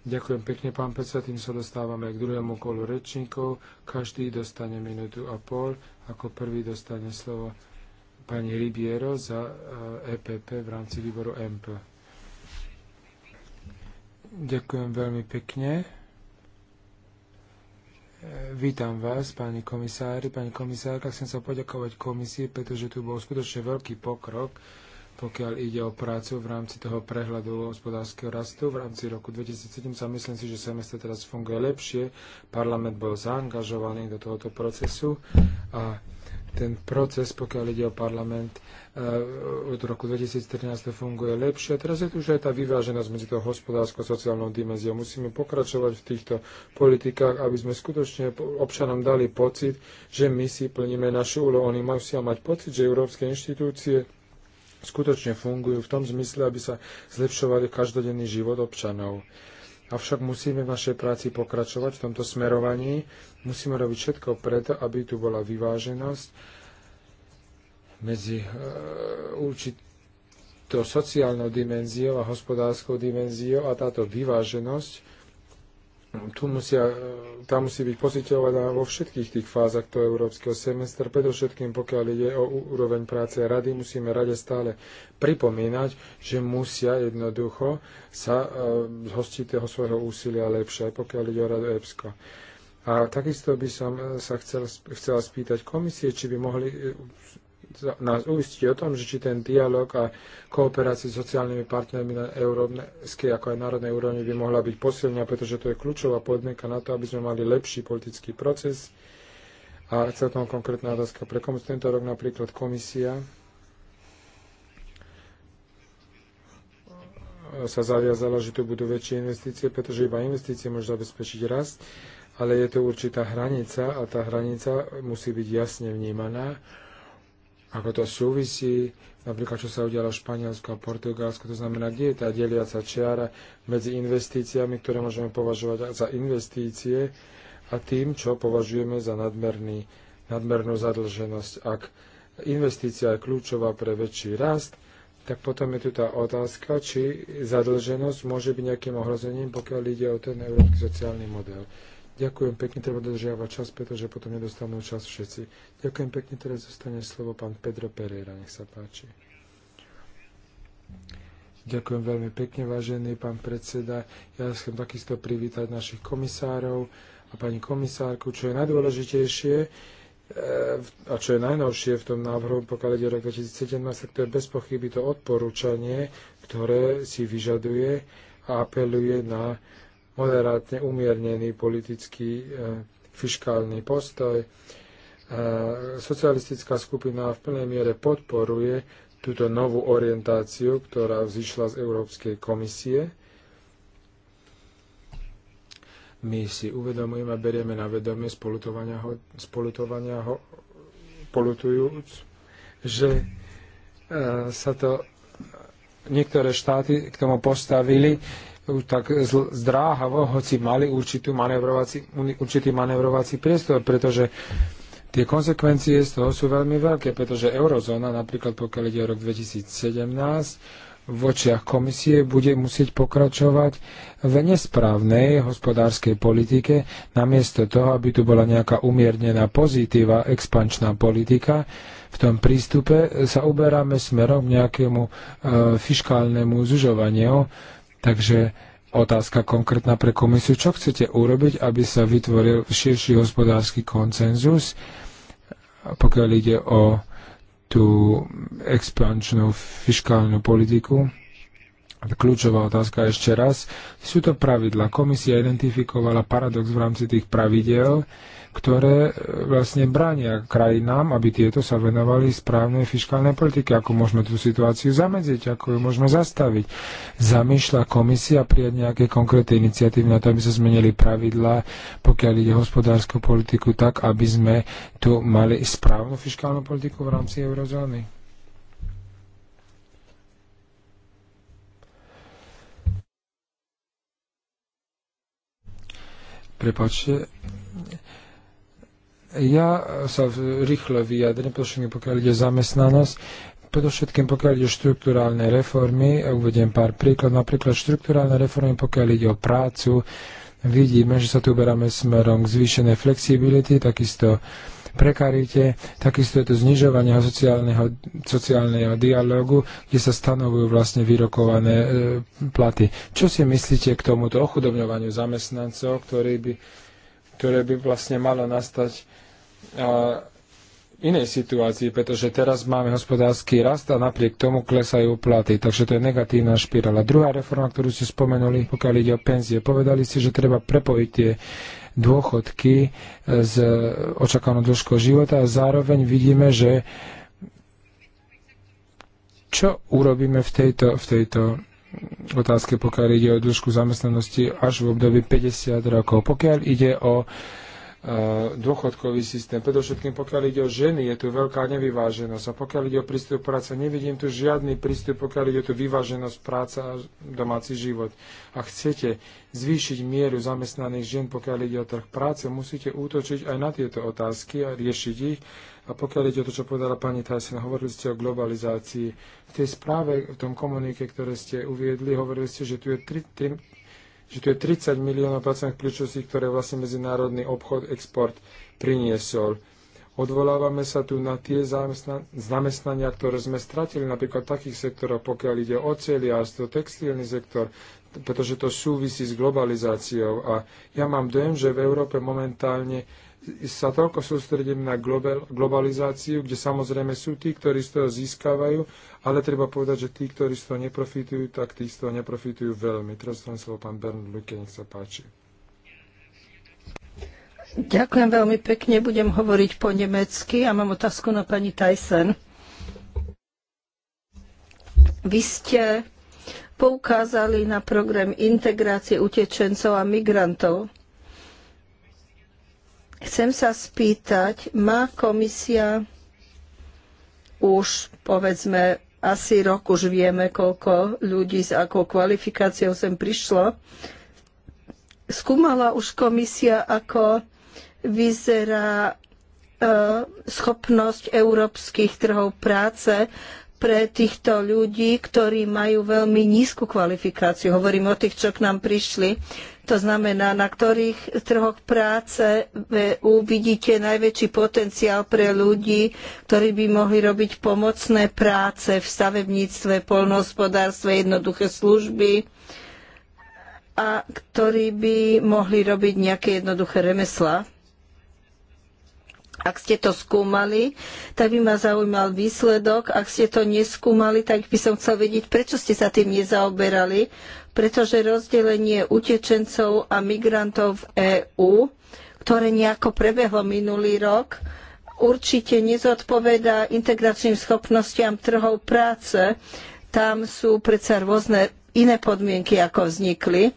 Ďakujem pekne, pán Peca, tým sa dostávame k druhému kolu rečníkov. Každý dostane minútu a pol, ako prvý dostane slovo pani Ribiero za EPP eh, e v rámci výboru MP. Ďakujem veľmi pekne. Eh, vítam vás, pani komisári, pani komisárka. Chcem sa poďakovať komisii, pretože tu bol skutočne veľký pokrok, pokiaľ ide o prácu v rámci toho prehľadu hospodárskeho rastu. V rámci roku 2007 sa myslím si, že semestr teraz funguje lepšie. Parlament bol zaangažovaný do tohoto procesu a ten proces, pokiaľ ide o parlament, eh, od roku 2013 funguje lepšie. Teraz je tu už aj tá vyváženosť medzi tou hospodárskou a sociálnou dimenziou. Musíme pokračovať v týchto politikách, aby sme skutočne občanom dali pocit, že my si plníme našu úlohu. Oni musia mať pocit, že európske inštitúcie skutočne fungujú v tom zmysle, aby sa zlepšovali každodenný život občanov. Avšak musíme v našej práci pokračovať v tomto smerovaní. Musíme robiť všetko preto, aby tu bola vyváženosť medzi eh, určitou sociálnou dimenziou a hospodárskou dimenziou a táto vyváženosť tu musia, e, tá musí byť pocitovaná vo všetkých tých fázach toho európskeho semestra. Predovšetkým, pokiaľ ide o úroveň práce rady, musíme rade stále pripomínať, že musia jednoducho sa e, zhostiť toho svojho úsilia lepšie, pokiaľ ide o radu EPSCO. A takisto by som e, sa chcel, chcela spýtať komisie, či by mohli nás uistí o tom, že či ten dialog a kooperácia s sociálnymi partnermi na európskej ako aj národnej úrovni by mohla byť posilnená, pretože to je kľúčová podmienka na to, aby sme mali lepší politický proces. A celkom konkrétna otázka pre komu tento rok napríklad komisia sa zaviazala, že tu budú väčšie investície, pretože iba investície môžu zabezpečiť rast, ale je to určitá hranica a tá hranica musí byť jasne vnímaná ako to súvisí, napríklad čo sa udialo v Španielsku a Portugalsku, to znamená, kde je tá deliaca čiara medzi investíciami, ktoré môžeme považovať za investície a tým, čo považujeme za nadmerný, nadmernú zadlženosť. Ak investícia je kľúčová pre väčší rast, tak potom je tu tá otázka, či zadlženosť môže byť nejakým ohrozením, pokiaľ ide o ten európsky sociálny model. Ďakujem pekne, treba dodržiavať čas, pretože potom nedostanú čas všetci. Ďakujem pekne, teraz zostane slovo pán Pedro Pereira, nech sa páči. Ďakujem veľmi pekne, vážený pán predseda. Ja chcem takisto privítať našich komisárov a pani komisárku, čo je najdôležitejšie e, a čo je najnovšie v tom návrhu, pokiaľ rok 2017, tak to je bez pochyby to odporúčanie, ktoré si vyžaduje a apeluje na moderátne umiernený politický e, fiškálny postoj. E, socialistická skupina v plnej miere podporuje túto novú orientáciu, ktorá vzýšla z Európskej komisie. My si uvedomujeme a berieme na vedomie spolutovania, ho, spolutovania ho, polutujúc, že e, sa to niektoré štáty k tomu postavili tak zdráhavo, hoci mali určitú manevrovací, určitý manevrovací priestor, pretože tie konsekvencie z toho sú veľmi veľké, pretože eurozóna, napríklad pokiaľ ide o rok 2017, v očiach komisie bude musieť pokračovať v nesprávnej hospodárskej politike, namiesto toho, aby tu bola nejaká umiernená pozitíva, expančná politika. V tom prístupe sa uberáme smerom k nejakému e, fiskálnemu zužovaniu, Takže otázka konkrétna pre komisiu, čo chcete urobiť, aby sa vytvoril širší hospodársky koncenzus, pokiaľ ide o tú expančnú fiskálnu politiku? kľúčová otázka ešte raz. Sú to pravidla. Komisia identifikovala paradox v rámci tých pravidel, ktoré e, vlastne bránia krajinám, aby tieto sa venovali správnej fiskálnej politike. Ako môžeme tú situáciu zamedziť, ako ju môžeme zastaviť. Zamýšľa komisia prijať nejaké konkrétne iniciatívy na to, aby sa zmenili pravidlá, pokiaľ ide hospodárskú politiku, tak, aby sme tu mali správnu fiskálnu politiku v rámci eurozóny. Prepačte. Ja sa rýchlo vyjadrím, pretože pokiaľ ide zamestnanosť, predovšetkým pokiaľ ide štruktúrálne reformy, a uvediem pár príklad, napríklad štruktúrálne reformy, pokiaľ ide o prácu, vidíme, že sa tu uberáme smerom k zvýšenej flexibility, takisto prekarite, takisto je to znižovanie sociálneho, sociálneho dialogu, kde sa stanovujú vlastne vyrokované e, platy. Čo si myslíte k tomuto ochudobňovaniu zamestnancov, ktorý by, ktoré by vlastne malo nastať a, inej situácii, pretože teraz máme hospodársky rast a napriek tomu klesajú platy. Takže to je negatívna špirála. Druhá reforma, ktorú ste spomenuli, pokiaľ ide o penzie, povedali ste, že treba prepojiť tie dôchodky e, z očakávanou dĺžkou života a zároveň vidíme, že čo urobíme v tejto, v tejto otázke, pokiaľ ide o dĺžku zamestnanosti až v období 50 rokov. Pokiaľ ide o E, dôchodkový systém. Predovšetkým pokiaľ ide o ženy, je tu veľká nevyváženosť. A pokiaľ ide o prístup práce, nevidím tu žiadny prístup, pokiaľ ide o tú vyváženosť práca a domáci život. A chcete zvýšiť mieru zamestnaných žien, pokiaľ ide o trh práce, musíte útočiť aj na tieto otázky a riešiť ich. A pokiaľ ide o to, čo povedala pani Tyson, hovorili ste o globalizácii. V tej správe, v tom komunike, ktoré ste uviedli, hovorili ste, že tu je 3, 3, že to je 30 miliónov pracovných príležitostí, ktoré vlastne medzinárodný obchod, export priniesol. Odvolávame sa tu na tie zamestnania, ktoré sme stratili, napríklad v takých sektoroch, pokiaľ ide o to textilný sektor, pretože to súvisí s globalizáciou. A ja mám dojem, že v Európe momentálne sa toľko sústredím na globalizáciu, kde samozrejme sú tí, ktorí z toho získavajú, ale treba povedať, že tí, ktorí z toho neprofitujú, tak tí z toho neprofitujú veľmi. Teraz vám slovo pán Bernd Luke, nech sa páči. Ďakujem veľmi pekne, budem hovoriť po nemecky a mám otázku na pani Tyson. Vy ste poukázali na program integrácie utečencov a migrantov Chcem sa spýtať, má komisia už, povedzme, asi rok už vieme, koľko ľudí s akou kvalifikáciou sem prišlo. Skúmala už komisia, ako vyzerá e, schopnosť európskych trhov práce pre týchto ľudí, ktorí majú veľmi nízku kvalifikáciu. Hovorím o tých, čo k nám prišli. To znamená, na ktorých trhoch práce v EU vidíte najväčší potenciál pre ľudí, ktorí by mohli robiť pomocné práce v stavebníctve, poľnohospodárstve, jednoduché služby a ktorí by mohli robiť nejaké jednoduché remeslá. Ak ste to skúmali, tak by ma zaujímal výsledok. Ak ste to neskúmali, tak by som chcel vedieť, prečo ste sa tým nezaoberali, pretože rozdelenie utečencov a migrantov v EÚ, ktoré nejako prebehlo minulý rok, určite nezodpovedá integračným schopnostiam trhov práce. Tam sú predsa rôzne iné podmienky, ako vznikli.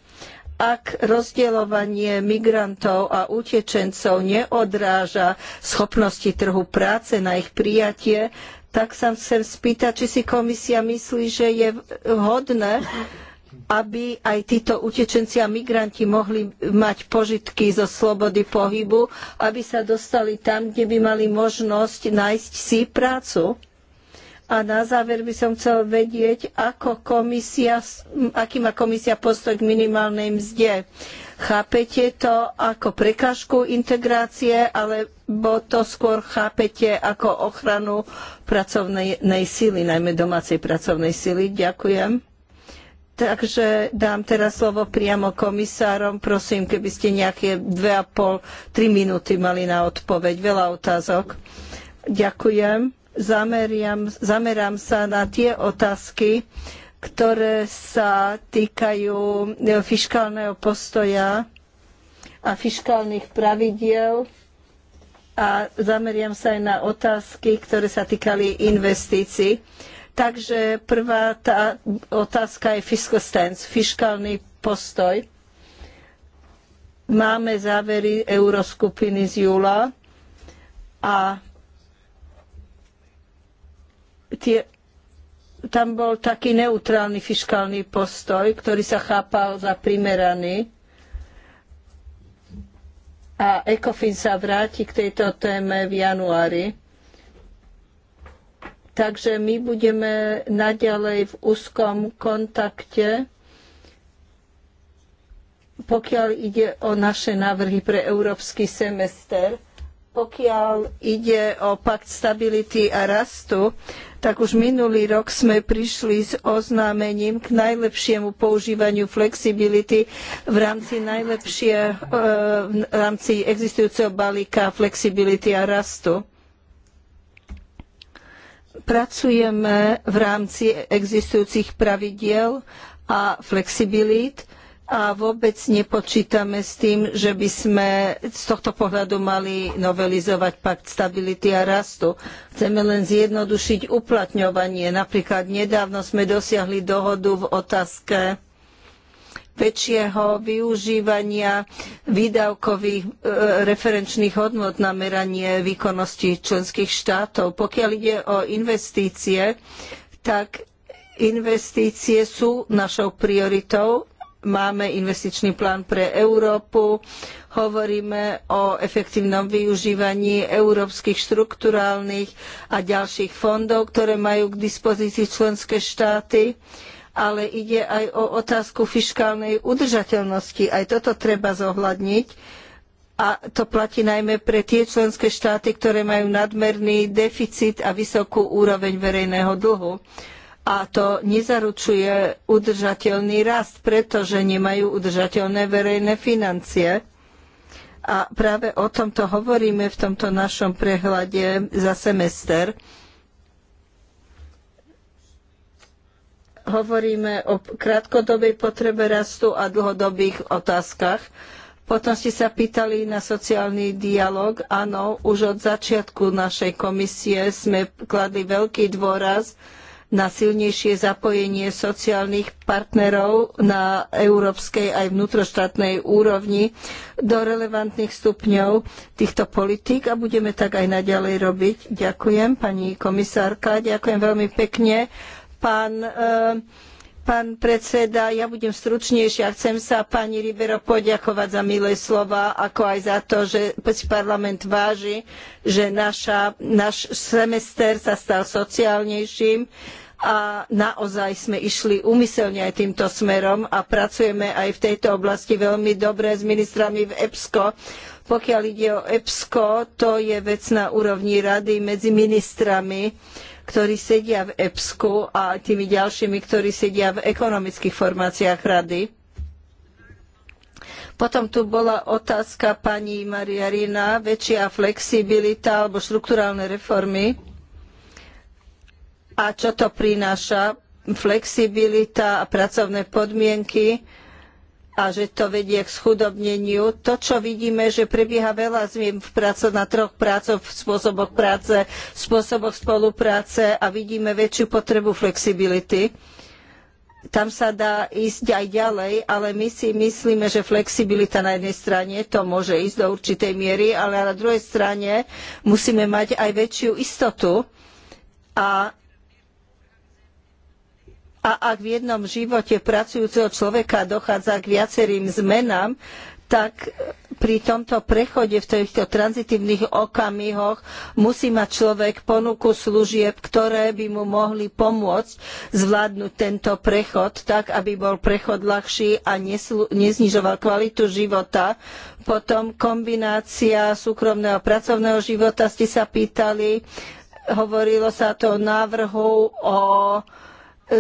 Ak rozdeľovanie migrantov a utečencov neodráža schopnosti trhu práce na ich prijatie, tak sa chcem spýtať, či si komisia myslí, že je vhodné aby aj títo utečenci a migranti mohli mať požitky zo slobody pohybu, aby sa dostali tam, kde by mali možnosť nájsť si prácu. A na záver by som chcel vedieť, ako komisia, aký má komisia postoj k minimálnej mzde. Chápete to ako prekážku integrácie, alebo to skôr chápete ako ochranu pracovnej sily, najmä domácej pracovnej sily? Ďakujem. Takže dám teraz slovo priamo komisárom. Prosím, keby ste nejaké 2,5-3 minúty mali na odpoveď. Veľa otázok. Ďakujem. Zameriam, zamerám sa na tie otázky, ktoré sa týkajú fiškálneho postoja a fiškálnych pravidiel a zameriam sa aj na otázky, ktoré sa týkali investícií. Takže prvá tá otázka je fiscal stance, fiskálny postoj. Máme závery euroskupiny z júla a tie, tam bol taký neutrálny fiskálny postoj, ktorý sa chápal za primeraný. A ECOFIN sa vráti k tejto téme v januári. Takže my budeme naďalej v úzkom kontakte, pokiaľ ide o naše návrhy pre európsky semester. Pokiaľ ide o pakt stability a rastu, tak už minulý rok sme prišli s oznámením k najlepšiemu používaniu flexibility v rámci najlepšie, e, v rámci existujúceho balíka flexibility a rastu Pracujeme v rámci existujúcich pravidiel a flexibilít a vôbec nepočítame s tým, že by sme z tohto pohľadu mali novelizovať pakt stability a rastu. Chceme len zjednodušiť uplatňovanie. Napríklad nedávno sme dosiahli dohodu v otázke väčšieho využívania výdavkových e, referenčných hodnot na meranie výkonnosti členských štátov. Pokiaľ ide o investície, tak investície sú našou prioritou máme investičný plán pre Európu, hovoríme o efektívnom využívaní európskych štrukturálnych a ďalších fondov, ktoré majú k dispozícii členské štáty ale ide aj o otázku fiškálnej udržateľnosti. Aj toto treba zohľadniť. A to platí najmä pre tie členské štáty, ktoré majú nadmerný deficit a vysokú úroveň verejného dlhu. A to nezaručuje udržateľný rast, pretože nemajú udržateľné verejné financie. A práve o tomto hovoríme v tomto našom prehľade za semester hovoríme o krátkodobej potrebe rastu a dlhodobých otázkach. Potom ste sa pýtali na sociálny dialog. Áno, už od začiatku našej komisie sme kladli veľký dôraz na silnejšie zapojenie sociálnych partnerov na európskej aj vnútroštátnej úrovni do relevantných stupňov týchto politík a budeme tak aj naďalej robiť. Ďakujem, pani komisárka, ďakujem veľmi pekne Pán, eh, pán predseda, ja budem stručnejšia. Chcem sa pani Ribero poďakovať za milé slova, ako aj za to, že si parlament váži, že naša, náš semester sa stal sociálnejším a naozaj sme išli úmyselne aj týmto smerom a pracujeme aj v tejto oblasti veľmi dobre s ministrami v EPSCO. Pokiaľ ide o EPSCO, to je vec na úrovni rady medzi ministrami ktorí sedia v EPSku a tými ďalšími, ktorí sedia v ekonomických formáciách rady. Potom tu bola otázka pani Maria Rina, väčšia flexibilita alebo štrukturálne reformy. A čo to prináša? Flexibilita a pracovné podmienky a že to vedie k schudobneniu. To, čo vidíme, že prebieha veľa zmien v na troch prácoch, v spôsoboch práce, v spôsoboch spolupráce a vidíme väčšiu potrebu flexibility. Tam sa dá ísť aj ďalej, ale my si myslíme, že flexibilita na jednej strane to môže ísť do určitej miery, ale na druhej strane musíme mať aj väčšiu istotu a a ak v jednom živote pracujúceho človeka dochádza k viacerým zmenám, tak pri tomto prechode v týchto tranzitívnych okamihoch musí mať človek ponuku služieb, ktoré by mu mohli pomôcť zvládnuť tento prechod tak, aby bol prechod ľahší a neznižoval kvalitu života. Potom kombinácia súkromného a pracovného života, ste sa pýtali, hovorilo sa to o návrhu o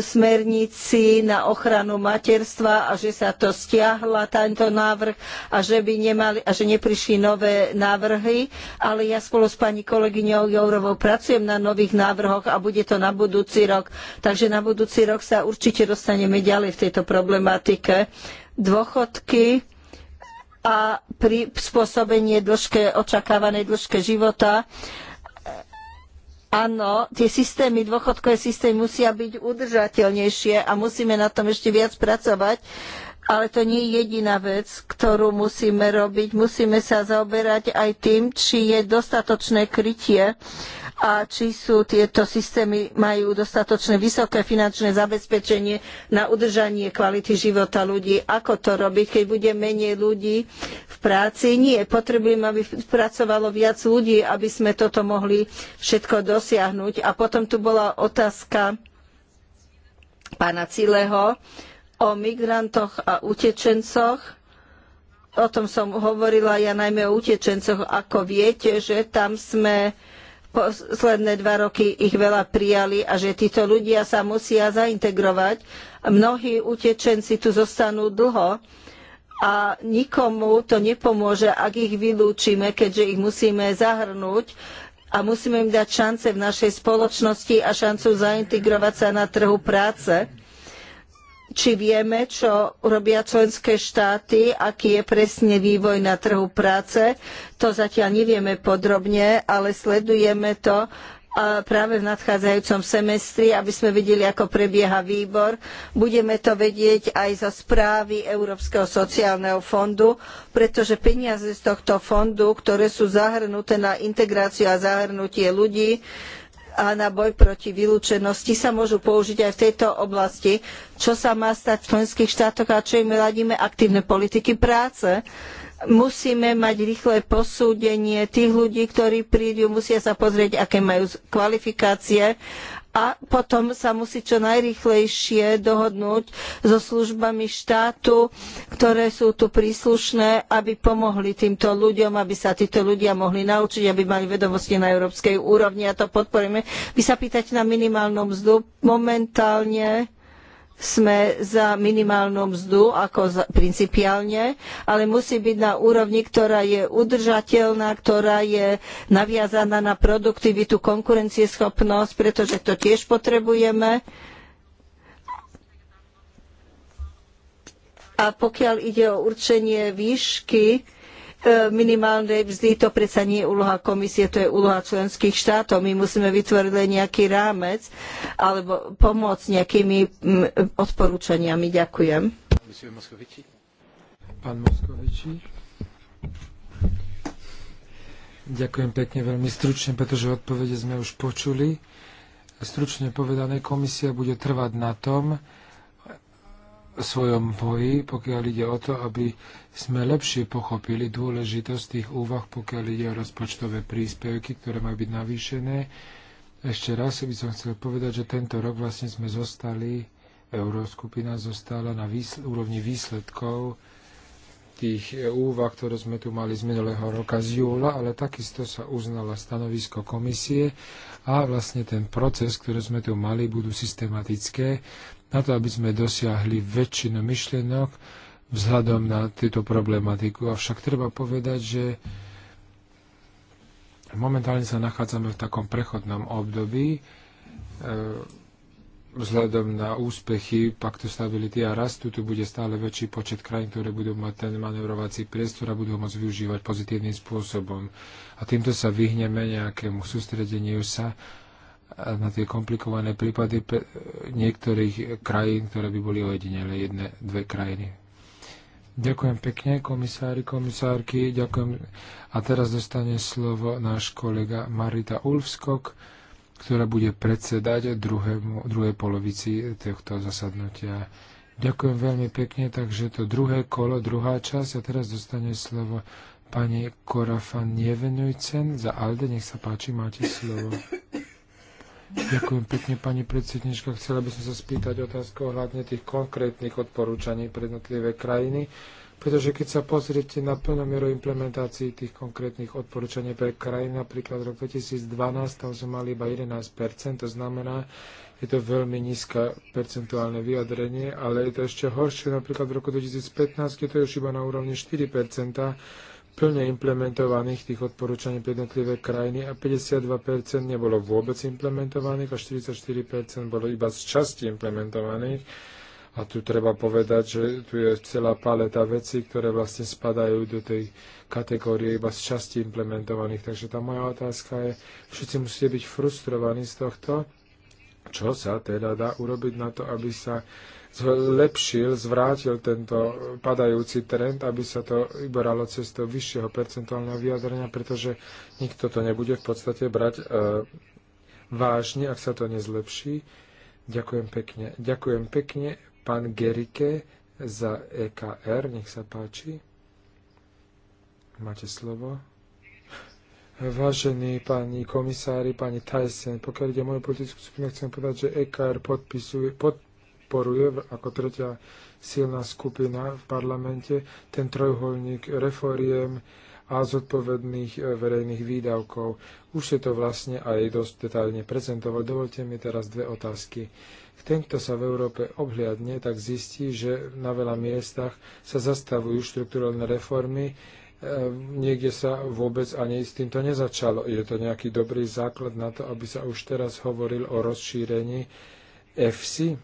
smernici na ochranu materstva a že sa to stiahla tento návrh a že, by nemali, a že neprišli nové návrhy, ale ja spolu s pani kolegyňou Jourovou pracujem na nových návrhoch a bude to na budúci rok. Takže na budúci rok sa určite dostaneme ďalej v tejto problematike. Dôchodky a prispôsobenie dĺžke, očakávanej dĺžke života Áno, tie systémy, dôchodkové systémy musia byť udržateľnejšie a musíme na tom ešte viac pracovať, ale to nie je jediná vec, ktorú musíme robiť. Musíme sa zaoberať aj tým, či je dostatočné krytie a či sú tieto systémy majú dostatočne vysoké finančné zabezpečenie na udržanie kvality života ľudí. Ako to robiť, keď bude menej ľudí v práci? Nie, potrebujem, aby pracovalo viac ľudí, aby sme toto mohli všetko dosiahnuť. A potom tu bola otázka pána Cileho o migrantoch a utečencoch o tom som hovorila ja najmä o utečencoch. Ako viete, že tam sme posledné dva roky ich veľa prijali a že títo ľudia sa musia zaintegrovať. Mnohí utečenci tu zostanú dlho a nikomu to nepomôže, ak ich vylúčime, keďže ich musíme zahrnúť a musíme im dať šance v našej spoločnosti a šancu zaintegrovať sa na trhu práce či vieme, čo robia členské štáty, aký je presne vývoj na trhu práce. To zatiaľ nevieme podrobne, ale sledujeme to práve v nadchádzajúcom semestri, aby sme videli, ako prebieha výbor. Budeme to vedieť aj zo správy Európskeho sociálneho fondu, pretože peniaze z tohto fondu, ktoré sú zahrnuté na integráciu a zahrnutie ľudí, a na boj proti vylúčenosti sa môžu použiť aj v tejto oblasti. Čo sa má stať v členských štátoch a čo im radíme aktívne politiky práce? Musíme mať rýchle posúdenie tých ľudí, ktorí prídu, musia sa pozrieť, aké majú kvalifikácie a potom sa musí čo najrýchlejšie dohodnúť so službami štátu, ktoré sú tu príslušné, aby pomohli týmto ľuďom, aby sa títo ľudia mohli naučiť, aby mali vedomosti na európskej úrovni a to podporíme. Vy sa pýtate na minimálnu mzdu momentálne sme za minimálnu mzdu ako principiálne, ale musí byť na úrovni, ktorá je udržateľná, ktorá je naviazaná na produktivitu, konkurencieschopnosť, pretože to tiež potrebujeme. A pokiaľ ide o určenie výšky, E, minimálnej mzdy, to predsa nie je úloha komisie, to je úloha členských štátov. My musíme vytvoriť len nejaký rámec alebo pomôcť nejakými odporúčaniami. Ďakujem. Pán Ďakujem pekne veľmi stručne, pretože odpovede sme už počuli. Stručne povedané, komisia bude trvať na tom, svojom boji, pokiaľ ide o to, aby sme lepšie pochopili dôležitosť tých úvah, pokiaľ ide o rozpočtové príspevky, ktoré majú byť navýšené. Ešte raz by som chcel povedať, že tento rok vlastne sme zostali, Euroskupina zostala na výsl- úrovni výsledkov tých e, úvah, ktoré sme tu mali z minulého roka z júla, ale takisto sa uznala stanovisko komisie a vlastne ten proces, ktorý sme tu mali, budú systematické na to, aby sme dosiahli väčšinu myšlienok vzhľadom na túto problematiku. Avšak treba povedať, že momentálne sa nachádzame v takom prechodnom období e, vzhľadom na úspechy paktu stability a rastu, tu bude stále väčší počet krajín, ktoré budú mať ten manevrovací priestor a budú ho môcť využívať pozitívnym spôsobom. A týmto sa vyhneme nejakému sústredeniu sa na tie komplikované prípady niektorých krajín, ktoré by boli ojedinele, jedné, dve krajiny. Ďakujem pekne, komisári, komisárky. Ďakujem. A teraz dostane slovo náš kolega Marita Ulfskok, ktorá bude predsedať druhému, druhej polovici tohto zasadnutia. Ďakujem veľmi pekne, takže to druhé kolo, druhá časť a teraz dostane slovo pani Korafan Nevenujcen za Alde. Nech sa páči, máte slovo. Ďakujem pekne, pani predsednička. Chcela by som sa spýtať otázku ohľadne tých konkrétnych odporúčaní pre jednotlivé krajiny, pretože keď sa pozriete na plnú mieru implementácií tých konkrétnych odporúčaní pre krajiny, napríklad rok 2012, tam sme mali iba 11 to znamená, je to veľmi nízke percentuálne vyjadrenie, ale je to ešte horšie napríklad v roku 2015, keď to je už iba na úrovni 4 plne implementovaných tých odporúčaní pre jednotlivé krajiny a 52% nebolo vôbec implementovaných a 44% bolo iba z časti implementovaných. A tu treba povedať, že tu je celá paleta vecí, ktoré vlastne spadajú do tej kategórie iba z časti implementovaných. Takže tá moja otázka je, všetci musíte byť frustrovaní z tohto, čo sa teda dá urobiť na to, aby sa zlepšil, zvrátil tento padajúci trend, aby sa to vyberalo cestou vyššieho percentuálneho vyjadrenia, pretože nikto to nebude v podstate brať e, vážne, ak sa to nezlepší. Ďakujem pekne. Ďakujem pekne pán Gerike za EKR. Nech sa páči. Máte slovo. Vážení pani komisári, pani Tyson, pokiaľ ide o moju politickú skupinu, chcem povedať, že EKR podpisuje, pod, podporuje ako tretia silná skupina v parlamente ten trojuholník reforiem a zodpovedných e, verejných výdavkov. Už ste to vlastne aj dosť detailne prezentoval. Dovolte mi teraz dve otázky. Ten, kto sa v Európe obhliadne, tak zistí, že na veľa miestach sa zastavujú štruktúralne reformy, e, niekde sa vôbec ani s týmto nezačalo. Je to nejaký dobrý základ na to, aby sa už teraz hovoril o rozšírení EFSI,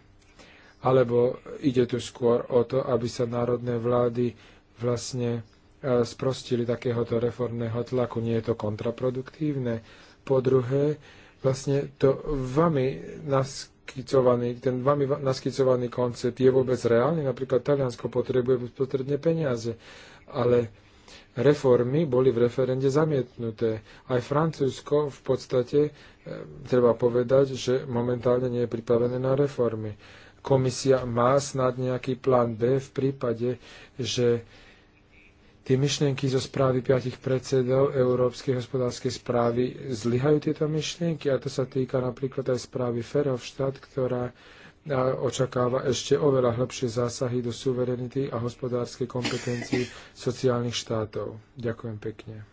alebo ide tu skôr o to, aby sa národné vlády vlastne e, sprostili takéhoto reformného tlaku. Nie je to kontraproduktívne. Po druhé, vlastne to vami naskicovaný, ten vami naskycovaný koncept je vôbec reálny. Napríklad Taliansko potrebuje potrebné peniaze, ale reformy boli v referende zamietnuté. Aj Francúzsko v podstate, e, treba povedať, že momentálne nie je pripravené na reformy komisia má snad nejaký plán B v prípade, že tie myšlienky zo správy piatich predsedov Európskej hospodárskej správy zlyhajú tieto myšlienky a to sa týka napríklad aj správy Ferovštát, ktorá očakáva ešte oveľa hlbšie zásahy do suverenity a hospodárskej kompetencii sociálnych štátov. Ďakujem pekne.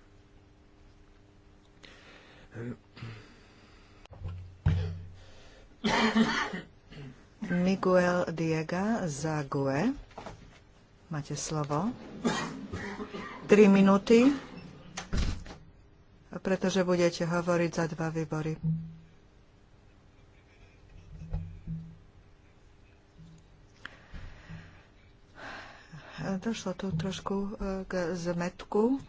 Miguel Diega za GUE. Máte slovo. Tri minúty, pretože budete hovoriť za dva výbory. Došlo tu trošku e, k zmetku.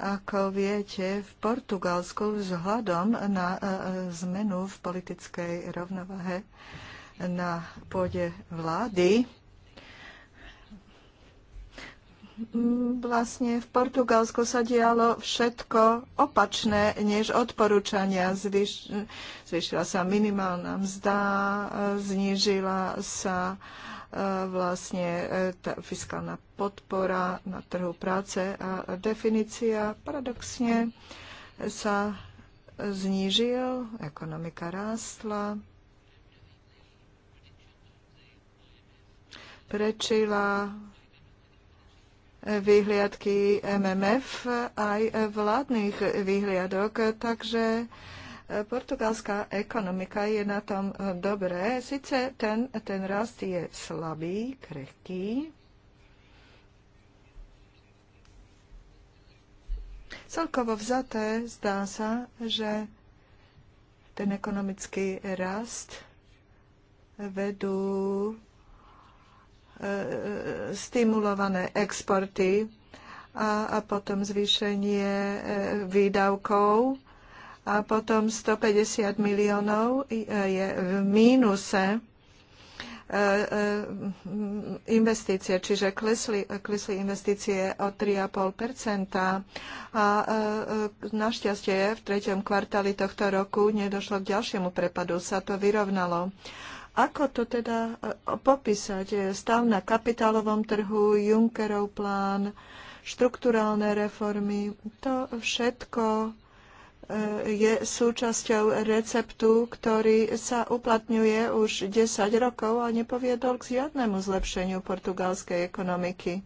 Ako viete, v Portugalsku vzhľadom na e, e, zmenu v politickej rovnováhe na pôde vlády vlastne v Portugalsku sa dialo všetko opačné než odporúčania. Zvyš, zvyšila sa minimálna mzda, znížila sa e, vlastne e, tá fiskálna podpora na trhu práce a definícia paradoxne sa znížil, ekonomika rástla, prečila vyhliadky MMF aj vládnych vyhliadok, takže e, portugalská ekonomika je na tom e, dobré. Sice ten, ten rast je slabý, krehký, Celkovo vzaté zdá sa, že ten ekonomický rast vedú stimulované exporty a, a potom zvýšenie e, výdavkov a potom 150 miliónov e, je v mínuse e, investície, čiže klesli, klesli investície o 3,5 A našťastie v treťom kvartáli tohto roku nedošlo k ďalšiemu prepadu, sa to vyrovnalo. Ako to teda e, popísať? E, stav na kapitálovom trhu, Junckerov plán, štrukturálne reformy, to všetko e, je súčasťou receptu, ktorý sa uplatňuje už 10 rokov a nepoviedol k žiadnemu zlepšeniu portugalskej ekonomiky.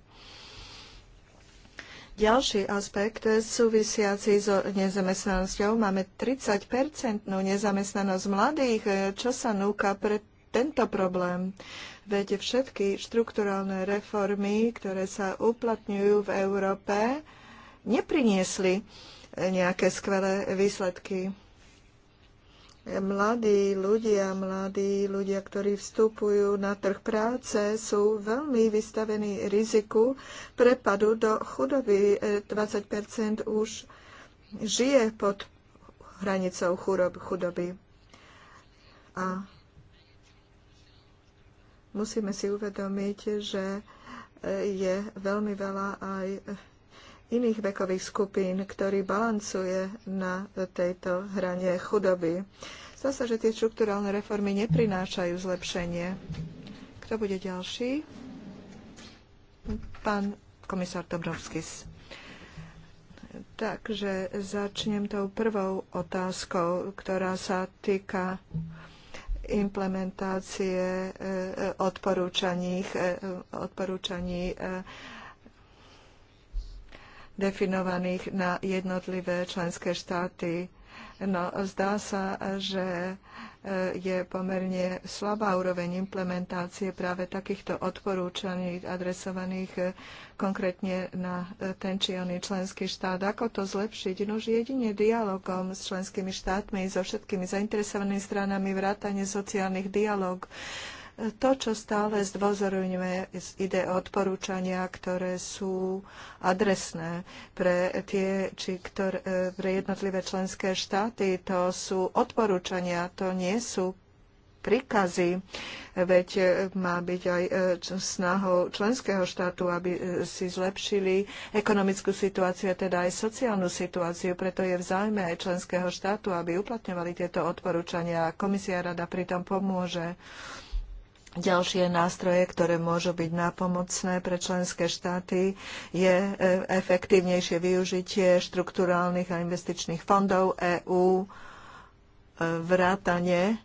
Ďalší aspekt súvisiaci s so nezamestnanosťou. Máme 30-percentnú nezamestnanosť mladých. Čo sa núka pre tento problém. Veď všetky štrukturálne reformy, ktoré sa uplatňujú v Európe, nepriniesli nejaké skvelé výsledky mladí ľudia, mladí ľudia, ktorí vstupujú na trh práce, sú veľmi vystavení riziku prepadu do chudoby. 20 e, už žije pod hranicou chudoby. A musíme si uvedomiť, že e, je veľmi veľa aj iných vekových skupín, ktorý balancuje na tejto hrane chudoby. Zdá sa, že tie štruktúralne reformy neprinášajú zlepšenie. Kto bude ďalší? Pán komisár Dobrovskis. Takže začnem tou prvou otázkou, ktorá sa týka implementácie e, e, odporúčaní, e, odporúčaní definovaných na jednotlivé členské štáty. No, zdá sa, že je pomerne slabá úroveň implementácie práve takýchto odporúčaní adresovaných e, konkrétne na e, ten či oný členský štát. Ako to zlepšiť? Nož jedine dialogom s členskými štátmi, so všetkými zainteresovanými stranami, vrátane sociálnych dialog, to, čo stále zdôzorujeme, ide o odporúčania, ktoré sú adresné pre, tie, či ktoré, pre jednotlivé členské štáty. To sú odporúčania, to nie sú príkazy, veď má byť aj e, snahou členského štátu, aby e, si zlepšili ekonomickú situáciu, a teda aj sociálnu situáciu. Preto je v záujme aj členského štátu, aby uplatňovali tieto odporúčania. a Komisia rada pritom pomôže. Ďalšie nástroje, ktoré môžu byť nápomocné pre členské štáty, je e, efektívnejšie využitie štrukturálnych a investičných fondov EÚ, e, vrátanie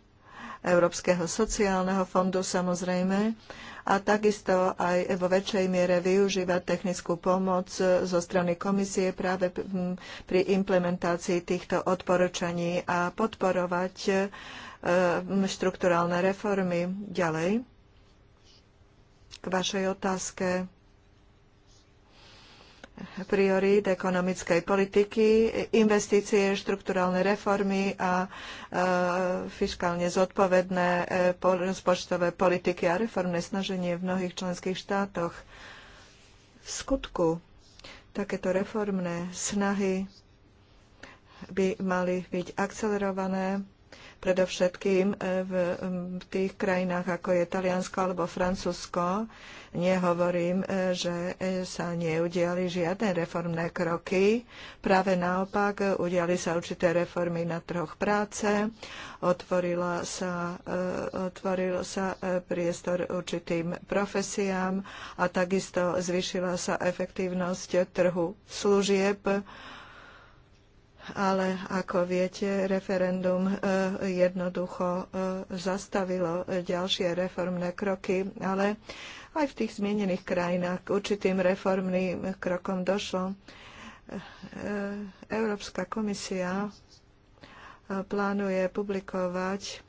Európskeho sociálneho fondu samozrejme a takisto aj vo väčšej miere využívať technickú pomoc zo strany komisie práve pri implementácii týchto odporúčaní a podporovať Ehm, štrukturálne reformy. Ďalej, k vašej otázke priorít ekonomickej politiky, investície, štrukturálne reformy a e, fiskálne zodpovedné e, po, rozpočtové politiky a reformné snaženie v mnohých členských štátoch. V skutku takéto reformné snahy by mali byť akcelerované predovšetkým e, v tých krajinách, ako je Taliansko alebo Francúzsko. Nehovorím, e, že e, sa neudiali žiadne reformné kroky. Práve naopak, udiali sa určité reformy na troch práce. Otvorila sa, otvoril sa priestor určitým profesiám a takisto zvyšila sa efektívnosť trhu služieb ale ako viete, referendum eh, jednoducho eh, zastavilo ďalšie reformné kroky, ale aj v tých zmienených krajinách k určitým reformným krokom došlo. Eh, Európska komisia plánuje publikovať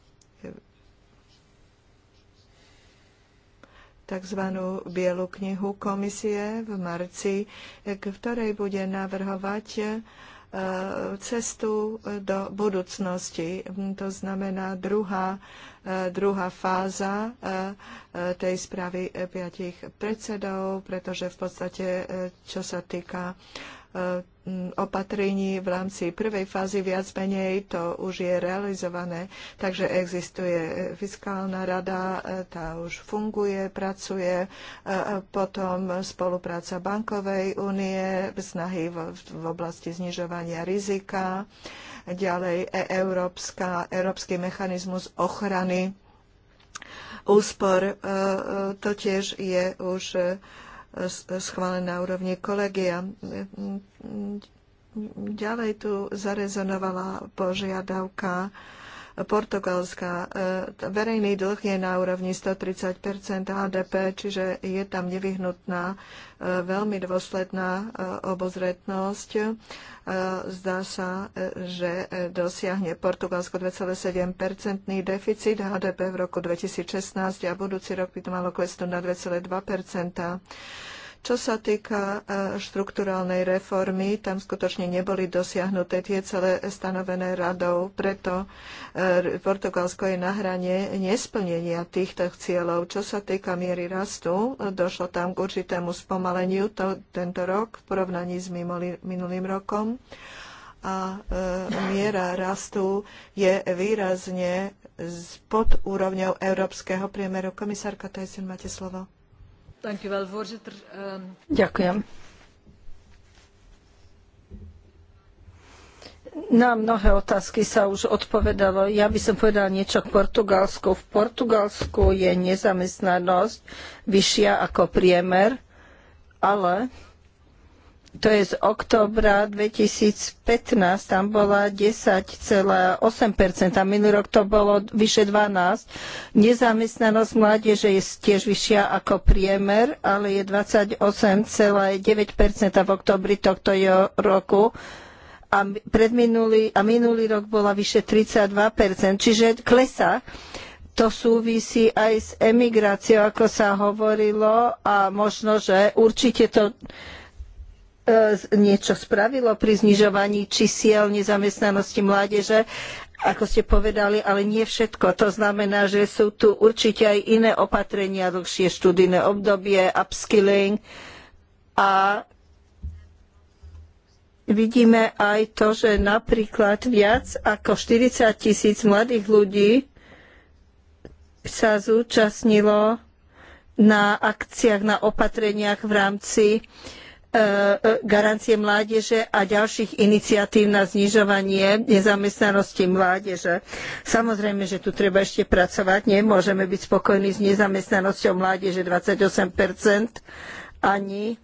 tzv. Bielu knihu komisie v marci, v ktorej bude navrhovať E, cestu e, do budúcnosti. Mm, to znamená druhá, e, druhá fáza tej správy piatich predsedov, pretože v podstate, čo sa týka opatrení v rámci prvej fázy viac menej, to už je realizované. Takže existuje fiskálna rada, tá už funguje, pracuje, potom spolupráca bankovej únie, snahy v oblasti znižovania rizika, ďalej e, Európska, Európsky mechanizmus ochrany úspor, e, e, to tiež je už schválené na úrovni kolegia. Ďalej tu zarezonovala požiadavka Portugalska. E, verejný dlh je na úrovni 130 HDP, čiže je tam nevyhnutná e, veľmi dôsledná e, obozretnosť. Zdá sa, že dosiahne Portugalsko 2,7-percentný deficit HDP v roku 2016 a budúci rok by to malo klesnúť na 2,2 čo sa týka e, štruktúrálnej reformy, tam skutočne neboli dosiahnuté tie celé stanovené radou, preto e, Portugalsko je na hrane nesplnenia týchto cieľov. Čo sa týka miery rastu, došlo tam k určitému spomaleniu to, tento rok v porovnaní s minulým rokom a e, miera rastu je výrazne pod úrovňou európskeho priemeru. Komisárka Tyson, máte slovo. Ehm, Na mnohé otázky sa už odpovedalo. Ja by som povedala niečo k Portugalsku. V Portugalsku je nezamestnanosť vyššia ako priemer, ale to je z októbra 2015, tam bola 10,8%, a minulý rok to bolo vyše 12. Nezamestnanosť mládeže je tiež vyššia ako priemer, ale je 28,9% v oktobri tohto roku a, predminulý, a minulý rok bola vyše 32%, čiže klesá to súvisí aj s emigráciou, ako sa hovorilo a možno, že určite to E, niečo spravilo pri znižovaní čísiel nezamestnanosti mládeže, ako ste povedali, ale nie všetko. To znamená, že sú tu určite aj iné opatrenia, dlhšie študijné obdobie, upskilling a vidíme aj to, že napríklad viac ako 40 tisíc mladých ľudí sa zúčastnilo na akciách, na opatreniach v rámci uh, E, garancie mládeže a ďalších iniciatív na znižovanie nezamestnanosti mládeže. Samozrejme, že tu treba ešte pracovať. Nemôžeme byť spokojní s nezamestnanosťou mládeže 28 ani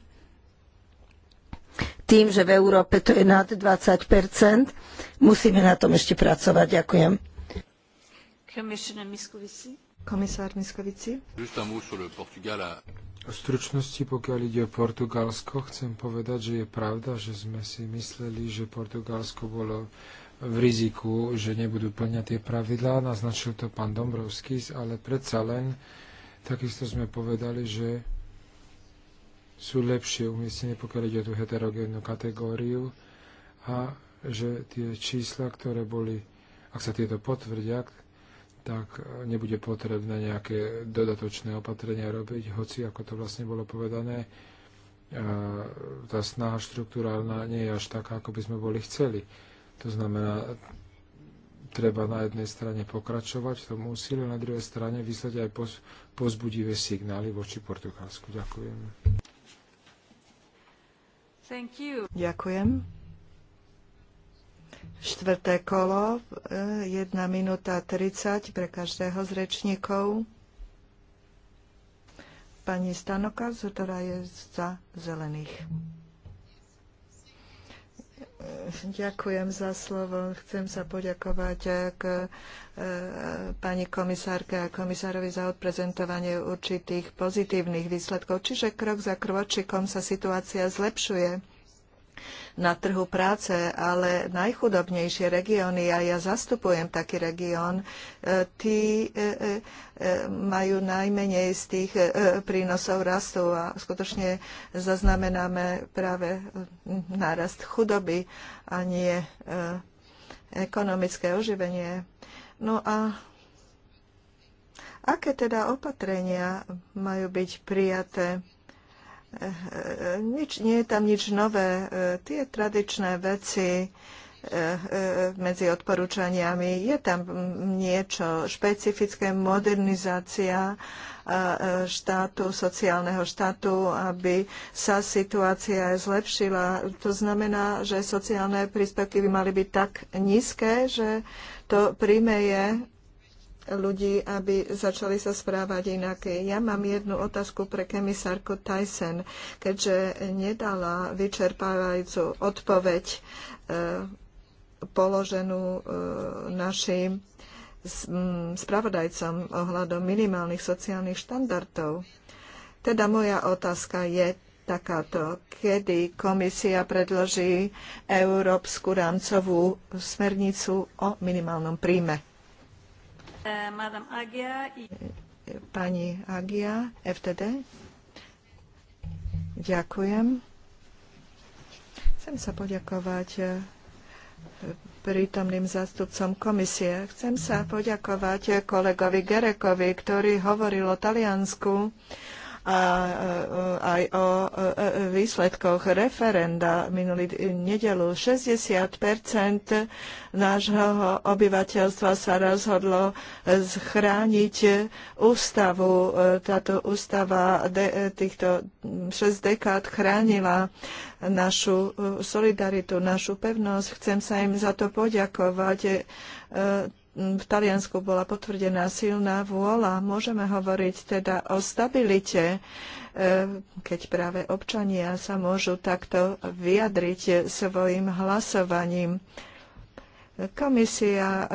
tým, že v Európe to je nad 20 Musíme na tom ešte pracovať. Ďakujem. Komisár Miskovici. V stručnosti, pokiaľ ide o Portugalsko, chcem povedať, že je pravda, že sme si mysleli, že Portugalsko bolo v riziku, že nebudú plňať tie pravidlá. Naznačil to pán Dombrovský, ale predsa len takisto sme povedali, že sú lepšie umiestnené, pokiaľ ide o tú heterogénnu kategóriu a že tie čísla, ktoré boli, ak sa tieto potvrdia, tak e, nebude potrebné nejaké dodatočné opatrenia robiť, hoci, ako to vlastne bolo povedané, e, tá snaha štruktúrálna nie je až taká, ako by sme boli chceli. To znamená, treba na jednej strane pokračovať v tom úsilí, na druhej strane vyslať aj pozbudivé signály voči Portugalsku. Ďakujem. Ďakujem. Štvrté kolo, 1 e, minúta 30 pre každého z rečníkov. Pani Stanoka, ktorá je za zelených. Ďakujem za slovo. Chcem sa poďakovať k e, pani komisárke a komisárovi za odprezentovanie určitých pozitívnych výsledkov. Čiže krok za kročikom sa situácia zlepšuje na trhu práce, ale najchudobnejšie regióny, a ja zastupujem taký región, e, tí e, e, majú najmenej z tých prínosov rastu a skutočne zaznamenáme práve nárast chudoby a nie ekonomické oživenie. No a aké teda opatrenia majú byť prijaté? Eh, eh, nič, nie je tam nič nové. Eh, tie tradičné veci medzi odporúčaniami je tam niečo špecifické, modernizácia štátu, sociálneho štátu, aby sa situácia zlepšila. To znamená, že sociálne príspevky by mali byť tak nízke, že to príjme je ľudí, aby začali sa správať inak. Ja mám jednu otázku pre kemisárku Tyson, keďže nedala vyčerpávajúcu odpoveď e, položenú e, našim spravodajcom ohľadom minimálnych sociálnych štandardov. Teda moja otázka je takáto. Kedy komisia predloží Európsku rámcovú smernicu o minimálnom príjme? Pani Agia, FTD. Ďakujem. Chcem sa poďakovať e, prítomným zástupcom komisie. Chcem sa poďakovať e, kolegovi Gerekovi, ktorý hovoril o Taliansku a aj o e, e, výsledkoch referenda minulý nedelu. 60 nášho obyvateľstva sa rozhodlo schrániť ústavu. E, táto ústava týchto 6 dekád chránila našu solidaritu, našu pevnosť. Chcem sa im za to poďakovať v Taliansku bola potvrdená silná vôľa. Môžeme hovoriť teda o stabilite, e, keď práve občania sa môžu takto vyjadriť svojim hlasovaním. Komisia e,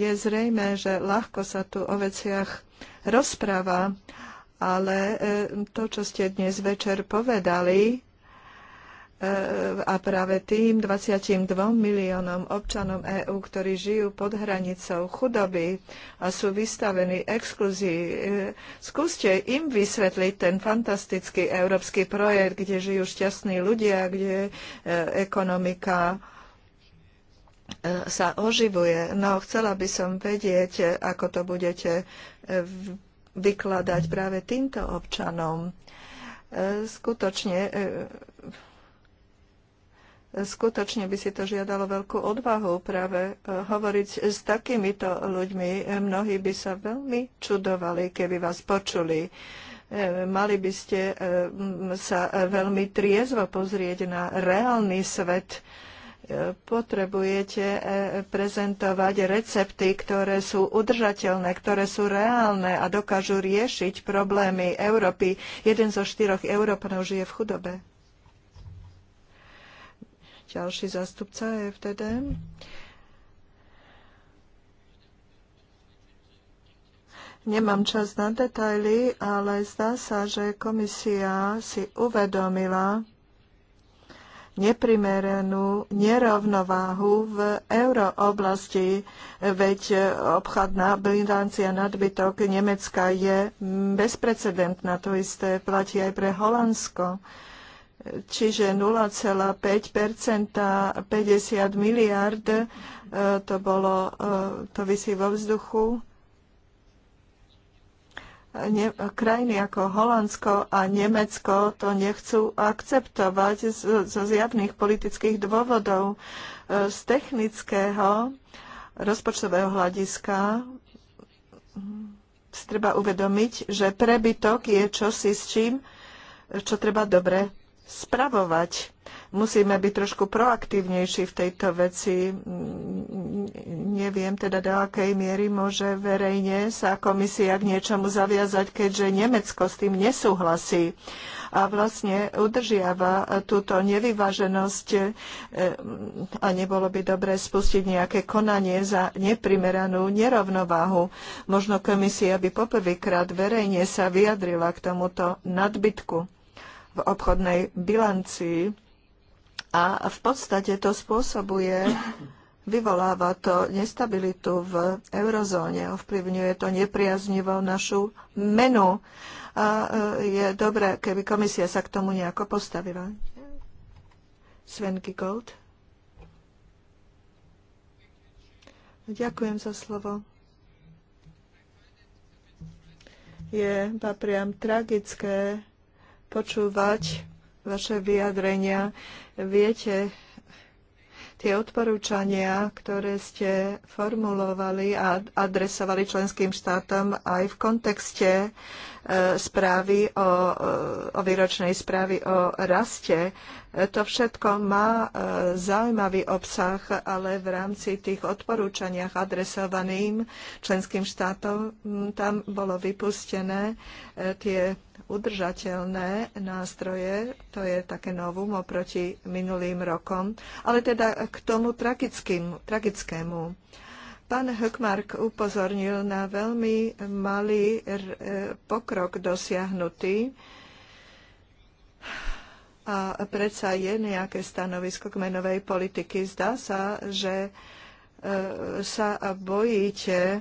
je zrejme, že ľahko sa tu o veciach rozpráva, ale e, to, čo ste dnes večer povedali, a práve tým 22 miliónom občanom EÚ, ktorí žijú pod hranicou chudoby a sú vystavení exkluzii. Skúste im vysvetliť ten fantastický európsky projekt, kde žijú šťastní ľudia, kde e, ekonomika e, sa oživuje. No, chcela by som vedieť, e, ako to budete vykladať práve týmto občanom. Skutočne Skutočne by si to žiadalo veľkú odvahu práve e, hovoriť s takýmito ľuďmi. E, mnohí by sa veľmi čudovali, keby vás počuli e, mali by ste sa veľmi triezvo pozrieť na reálny svet. Potrebujete prezentovať recepty, ktoré sú udržateľné, ktoré sú reálne a dokážu riešiť problémy Európy. Jeden zo štyroch Európanov žije v chudobe ďalší zástupca FTD. Nemám čas na detaily, ale zdá sa, že komisia si uvedomila neprimeranú nerovnováhu v eurooblasti, veď obchodná bilancia nadbytok Nemecka je bezprecedentná. To isté platí aj pre Holandsko čiže 0,5 50 miliard, e, to, bolo, e, to vysí vo vzduchu. Ne, krajiny ako Holandsko a Nemecko to nechcú akceptovať zo, zo zjavných politických dôvodov. E, z technického rozpočtového hľadiska treba uvedomiť, že prebytok je čosi s čím, čo treba dobre spravovať. Musíme byť trošku proaktívnejší v tejto veci. Neviem teda, do akej miery môže verejne sa komisia k niečomu zaviazať, keďže Nemecko s tým nesúhlasí a vlastne udržiava túto nevyváženosť e, a nebolo by dobre spustiť nejaké konanie za neprimeranú nerovnováhu. Možno komisia by poprvýkrát verejne sa vyjadrila k tomuto nadbytku v obchodnej bilancii a v podstate to spôsobuje, vyvoláva to nestabilitu v eurozóne, ovplyvňuje to nepriaznivo našu menu a e, je dobré, keby komisia sa k tomu nejako postavila. Sven Gold. Ďakujem za slovo. Je priam tragické, počúvať vaše vyjadrenia. Viete, tie odporúčania, ktoré ste formulovali a adresovali členským štátom aj v kontekste e, správy o, e, o výročnej správy o raste, to všetko má e, zaujímavý obsah, ale v rámci tých odporúčaniach adresovaným členským štátom tam bolo vypustené e, tie udržateľné nástroje, to je také novum oproti minulým rokom, ale teda k tomu tragickému. Pán Hökmark upozornil na veľmi malý e, pokrok dosiahnutý a predsa je nejaké stanovisko kmenovej politiky. Zdá sa, že e, sa bojíte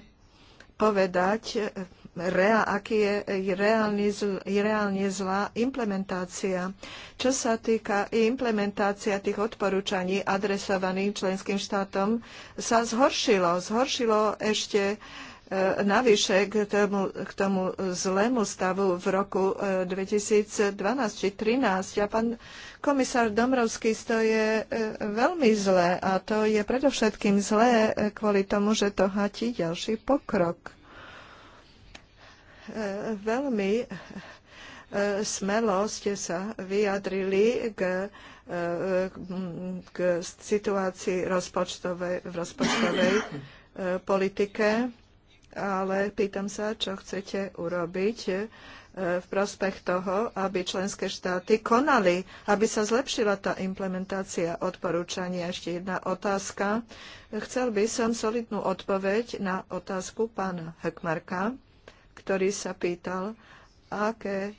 povedať, rea, aký je reálne, zl, reálne zlá implementácia. Čo sa týka implementácia tých odporúčaní adresovaných členským štátom, sa zhoršilo. Zhoršilo ešte E, navyše k tomu, k tomu zlému stavu v roku 2012 e, či 2013. A pán komisár Domrovský, to je e, veľmi zlé a to je predovšetkým zlé kvôli tomu, že to hatí ďalší pokrok. Veľmi smelo ste sa vyjadrili k k situácii rozpočtovej, v rozpočtovej politike ale pýtam sa, čo chcete urobiť e, v prospech toho, aby členské štáty konali, aby sa zlepšila tá implementácia odporúčania. Ešte jedna otázka. Chcel by som solidnú odpoveď na otázku pána Hekmarka, ktorý sa pýtal, aké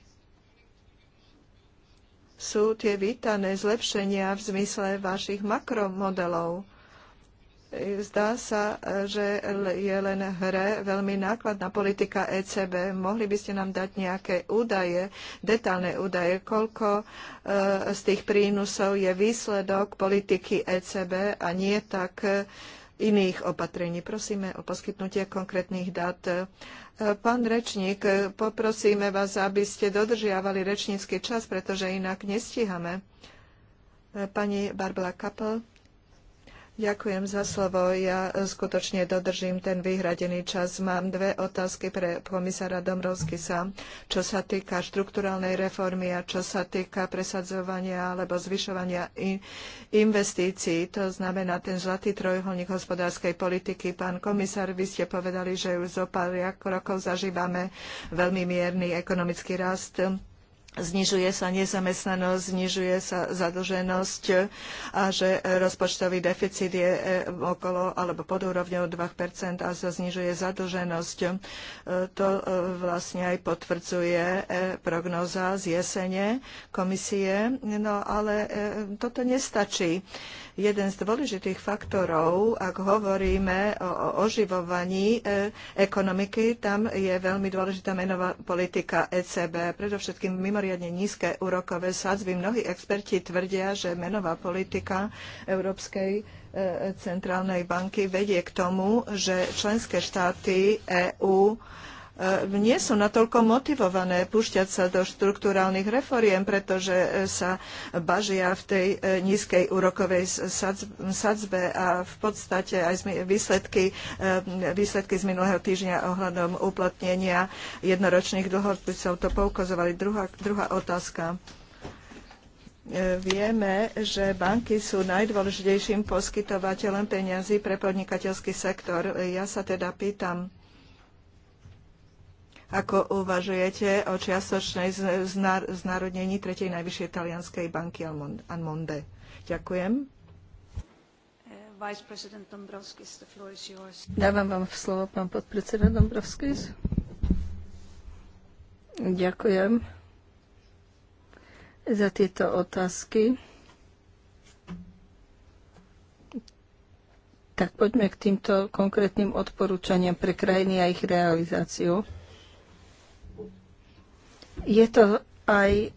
sú tie vítané zlepšenia v zmysle vašich makromodelov Zdá sa, že je len hre veľmi nákladná politika ECB. Mohli by ste nám dať nejaké údaje, detálne údaje, koľko e, z tých prínosov je výsledok politiky ECB a nie tak e, iných opatrení. Prosíme o poskytnutie konkrétnych dát. E, pán rečník, poprosíme vás, aby ste dodržiavali rečnícky čas, pretože inak nestíhame. Pani Barbara Kappel. Ďakujem za slovo. Ja e, skutočne dodržím ten vyhradený čas. Mám dve otázky pre komisára Domrovskisa, čo sa týka štrukturálnej reformy a čo sa týka presadzovania alebo zvyšovania investícií. To znamená ten zlatý trojuholník hospodárskej politiky. Pán komisár, vy ste povedali, že už zo pár rokov zažívame veľmi mierny ekonomický rast znižuje sa nezamestnanosť, znižuje sa zadlženosť a že rozpočtový deficit je e, okolo alebo pod úrovňou 2% a sa znižuje zadlženosť. E, to e, vlastne aj potvrdzuje prognoza z jesene komisie, no ale toto nestačí jeden z dôležitých faktorov, ak hovoríme o oživovaní e, ekonomiky, tam je veľmi dôležitá menová politika ECB, predovšetkým mimoriadne nízke úrokové sadzby. Mnohí experti tvrdia, že menová politika Európskej e, centrálnej banky vedie k tomu, že členské štáty EÚ EU E, nie sú natoľko motivované púšťať sa do štruktúrálnych reforiem, pretože e, sa bažia v tej e, nízkej úrokovej sadzbe a v podstate aj výsledky, výsledky z minulého týždňa ohľadom uplatnenia jednoročných dlhopisov to poukazovali. Druhá, druhá otázka vieme, že banky sú najdôležitejším poskytovateľom peňazí pre podnikateľský sektor. Ja sa teda pýtam, ako uvažujete o čiastočnej znárodnení tretej najvyššej talianskej banky Almonde. Ďakujem. Eh, Dávam vám slovo, pán podpredseda Dombrovskis. Ďakujem za tieto otázky. Tak poďme k týmto konkrétnym odporúčaniam pre krajiny a ich realizáciu. Je to aj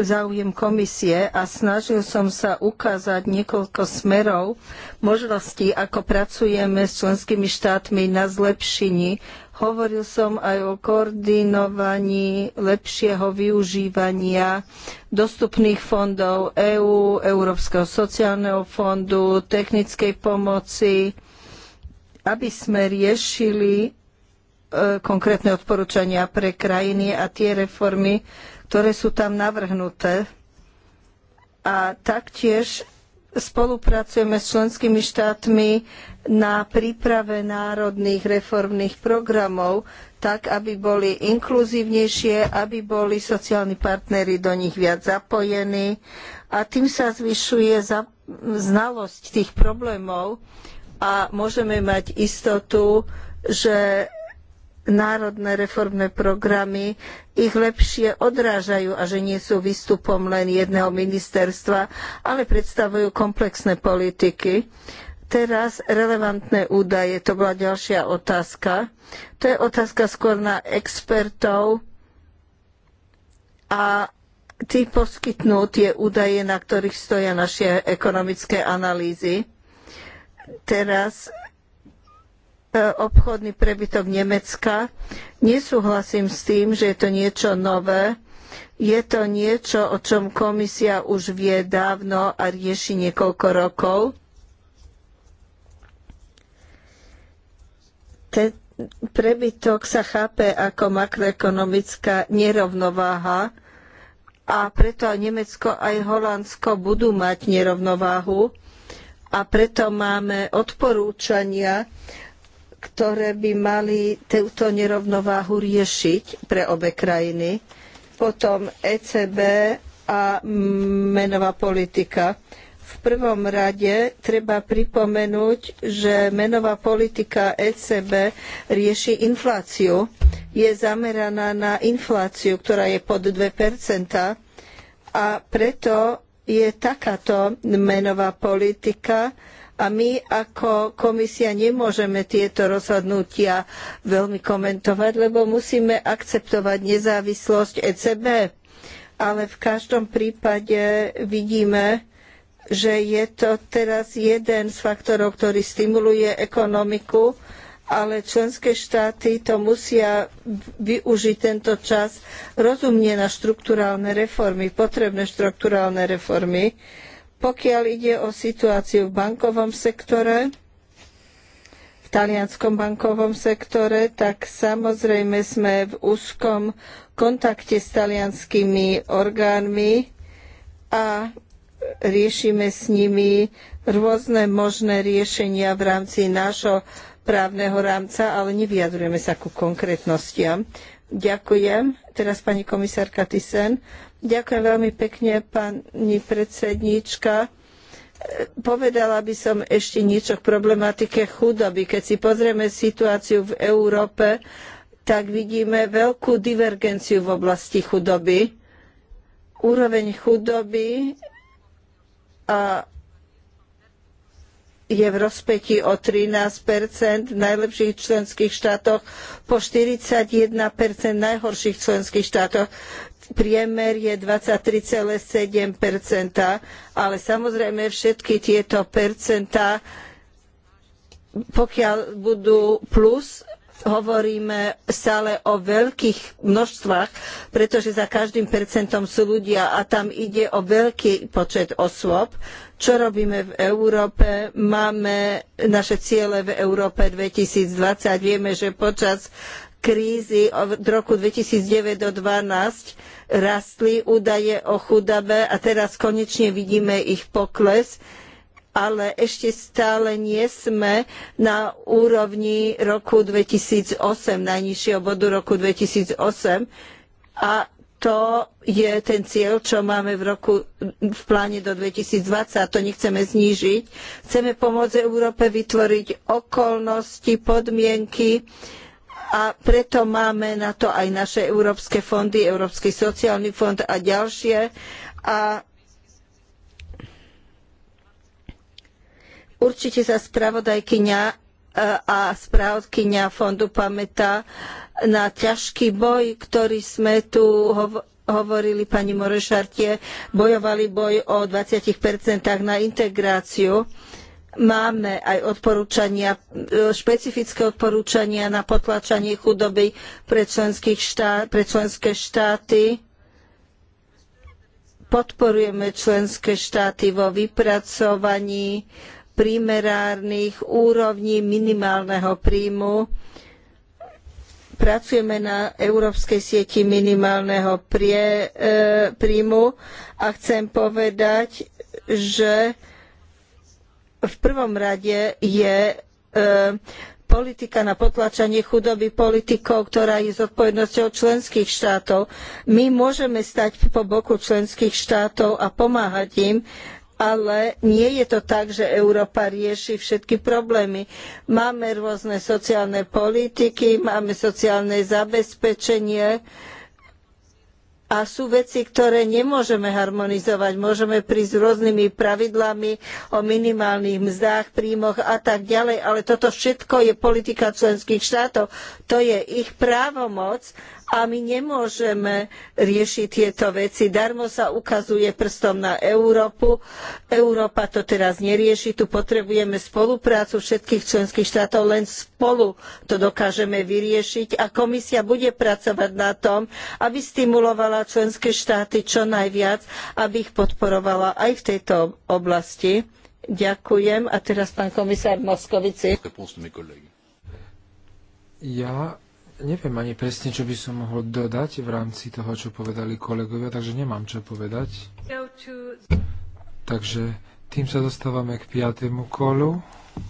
záujem komisie a snažil som sa ukázať niekoľko smerov možností, ako pracujeme s členskými štátmi na zlepšení. Hovoril som aj o koordinovaní lepšieho využívania dostupných fondov EÚ, Európskeho sociálneho fondu, technickej pomoci, aby sme riešili E, konkrétne odporúčania pre krajiny a tie reformy, ktoré sú tam navrhnuté. A taktiež spolupracujeme s členskými štátmi na príprave národných reformných programov, tak aby boli inkluzívnejšie, aby boli sociálni partnery do nich viac zapojení a tým sa zvyšuje znalosť tých problémov a môžeme mať istotu, že národné reformné programy ich lepšie odrážajú a že nie sú výstupom len jedného ministerstva, ale predstavujú komplexné politiky. Teraz relevantné údaje, to bola ďalšia otázka. To je otázka skôr na expertov a tí poskytnú tie údaje, na ktorých stoja naše ekonomické analýzy. Teraz obchodný prebytok Nemecka. Nesúhlasím s tým, že je to niečo nové. Je to niečo, o čom komisia už vie dávno a rieši niekoľko rokov. Ten prebytok sa chápe ako makroekonomická nerovnováha a preto aj Nemecko aj Holandsko budú mať nerovnováhu a preto máme odporúčania ktoré by mali túto nerovnováhu riešiť pre obe krajiny. Potom ECB a menová politika. V prvom rade treba pripomenúť, že menová politika ECB rieši infláciu. Je zameraná na infláciu, ktorá je pod 2 a preto je takáto menová politika, a my ako komisia nemôžeme tieto rozhodnutia veľmi komentovať, lebo musíme akceptovať nezávislosť ECB. Ale v každom prípade vidíme, že je to teraz jeden z faktorov, ktorý stimuluje ekonomiku, ale členské štáty to musia využiť tento čas rozumne na štrukturálne reformy, potrebné štrukturálne reformy. Pokiaľ ide o situáciu v bankovom sektore, v talianskom bankovom sektore, tak samozrejme sme v úzkom kontakte s talianskými orgánmi a riešime s nimi rôzne možné riešenia v rámci nášho právneho rámca, ale nevyjadrujeme sa ku konkrétnostiam. Ďakujem. Teraz pani komisárka Tysen. Ďakujem veľmi pekne, pani predsedníčka. Povedala by som ešte niečo k problematike chudoby. Keď si pozrieme situáciu v Európe, tak vidíme veľkú divergenciu v oblasti chudoby. Úroveň chudoby a je v rozpetí o 13 v najlepších členských štátoch, po 41 v najhorších členských štátoch priemer je 23,7%, ale samozrejme všetky tieto percentá, pokiaľ budú plus, hovoríme stále o veľkých množstvách, pretože za každým percentom sú ľudia a tam ide o veľký počet osôb. Čo robíme v Európe? Máme naše ciele v Európe 2020. Vieme, že počas krízy od roku 2009 do 2012 rastli údaje o chudabe a teraz konečne vidíme ich pokles ale ešte stále nie sme na úrovni roku 2008, najnižšieho bodu roku 2008. A to je ten cieľ, čo máme v, roku, v pláne do 2020 a to nechceme znížiť. Chceme pomôcť Európe vytvoriť okolnosti, podmienky, uh, a preto máme na to aj naše európske fondy, Európsky sociálny fond a ďalšie. A určite sa spravodajkyňa e, a správkyňa fondu pamätá na ťažký boj, ktorý sme tu hovorili pani Morešartie, bojovali boj o 20% na integráciu máme aj odporúčania, e, špecifické odporúčania na potlačanie chudoby pre, štát, pre členské štáty. Podporujeme členské štáty vo vypracovaní primerárnych úrovní minimálneho príjmu. Pracujeme na európskej sieti minimálneho e, príjmu a chcem povedať, že v prvom rade je e, politika na potlačanie chudoby politikov, ktorá je zodpovednosťou členských štátov. My môžeme stať po boku členských štátov a pomáhať im, ale nie je to tak, že Európa rieši všetky problémy. Máme rôzne sociálne politiky, máme sociálne zabezpečenie, a sú veci, ktoré nemôžeme harmonizovať. Môžeme prísť s rôznymi pravidlami o minimálnych mzdách, príjmoch a tak ďalej, ale toto všetko je politika členských štátov. To je ich právomoc a my nemôžeme riešiť tieto veci. Darmo sa ukazuje prstom na Európu. Európa to teraz nerieši. Tu potrebujeme spoluprácu všetkých členských štátov. Len spolu to dokážeme vyriešiť a komisia bude pracovať na tom, aby stimulovala členské štáty čo najviac, aby ich podporovala aj v tejto oblasti. Ďakujem. A teraz pán komisár Moskovici. Ja neviem ani presne, čo by som mohol dodať v rámci toho, čo povedali kolegovia, takže nemám čo povedať. Takže tým sa dostávame k piatému kolu. Uh,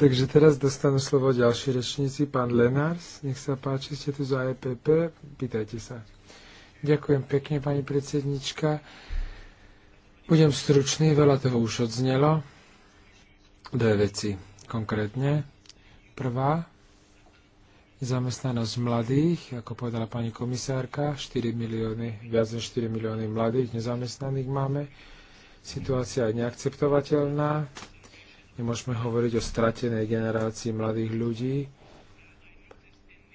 takže teraz dostanú slovo ďalší rečníci. Pán Lenárs, nech sa páči, ste tu za EPP, pýtajte sa. Ďakujem pekne, pani predsednička. Budem stručný, veľa toho už odznelo dve veci konkrétne. Prvá, zamestnanosť mladých, ako povedala pani komisárka, 4 milióny, viac než 4 milióny mladých nezamestnaných máme. Situácia je neakceptovateľná. Nemôžeme hovoriť o stratenej generácii mladých ľudí.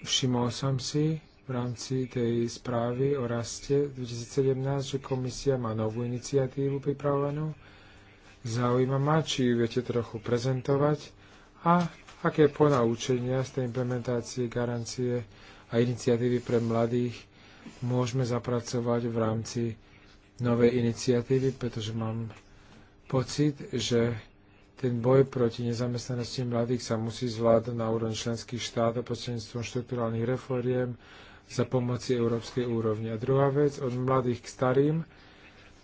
Všimol som si v rámci tej správy o raste 2017, že komisia má novú iniciatívu pripravenú Zaujíma ma, či ju viete trochu prezentovať a aké ponaučenia z tej implementácie garancie a iniciatívy pre mladých môžeme zapracovať v rámci novej iniciatívy, pretože mám pocit, že ten boj proti nezamestnanosti mladých sa musí zvládať na úrovni členských štátov prostredníctvom štruktúrálnych reforiem za pomoci európskej úrovne. A druhá vec, od mladých k starým,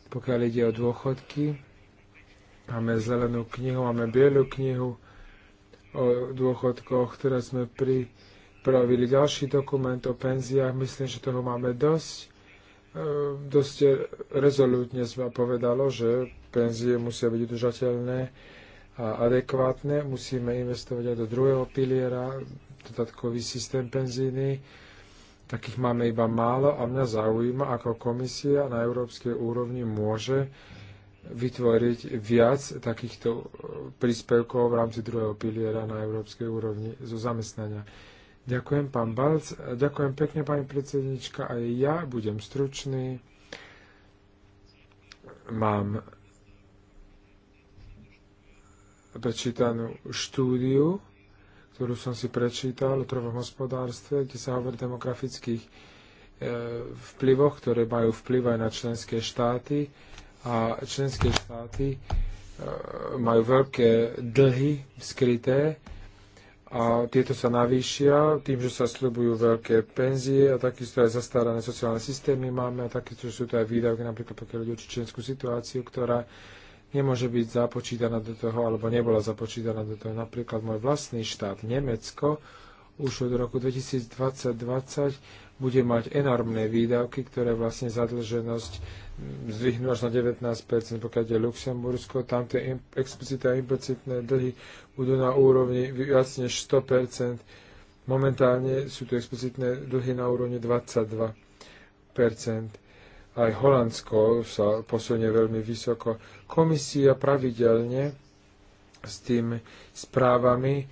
pokiaľ ide o dôchodky, Máme zelenú knihu, máme bielu knihu o dôchodkoch, ktoré sme pripravili ďalší dokument o penziách. Myslím, že toho máme dosť. E, dosť rezolútne sme povedalo, že penzie musia byť udržateľné a adekvátne. Musíme investovať aj do druhého piliera, dodatkový systém penzíny. Takých máme iba málo a mňa zaujíma, ako komisia na európskej úrovni môže vytvoriť viac takýchto e, príspevkov v rámci druhého piliera na európskej úrovni zo zamestnania. Ďakujem, pán Balc. E, ďakujem pekne, pani predsednička. Aj ja budem stručný. Mám prečítanú štúdiu, ktorú som si prečítal o trvom hospodárstve, kde sa hovorí o demografických e, vplyvoch, ktoré majú vplyv aj na členské štáty a členské štáty e, majú veľké dlhy skryté a tieto sa navýšia tým, že sa slúbujú veľké penzie a takisto aj zastarané sociálne systémy máme a takisto sú to aj výdavky napríklad pokiaľ ide o členskú situáciu, ktorá nemôže byť započítaná do toho alebo nebola započítaná do toho. Napríklad môj vlastný štát Nemecko už od roku 2020 bude mať enormné výdavky, ktoré vlastne zadlženosť zvyhnú až na 19%, pokiaľ je Luxembursko, tam tie explicitné a implicitné dlhy budú na úrovni viac než 100%. Momentálne sú tu explicitné dlhy na úrovni 22%. Aj Holandsko sa posunie veľmi vysoko. Komisia pravidelne s tým správami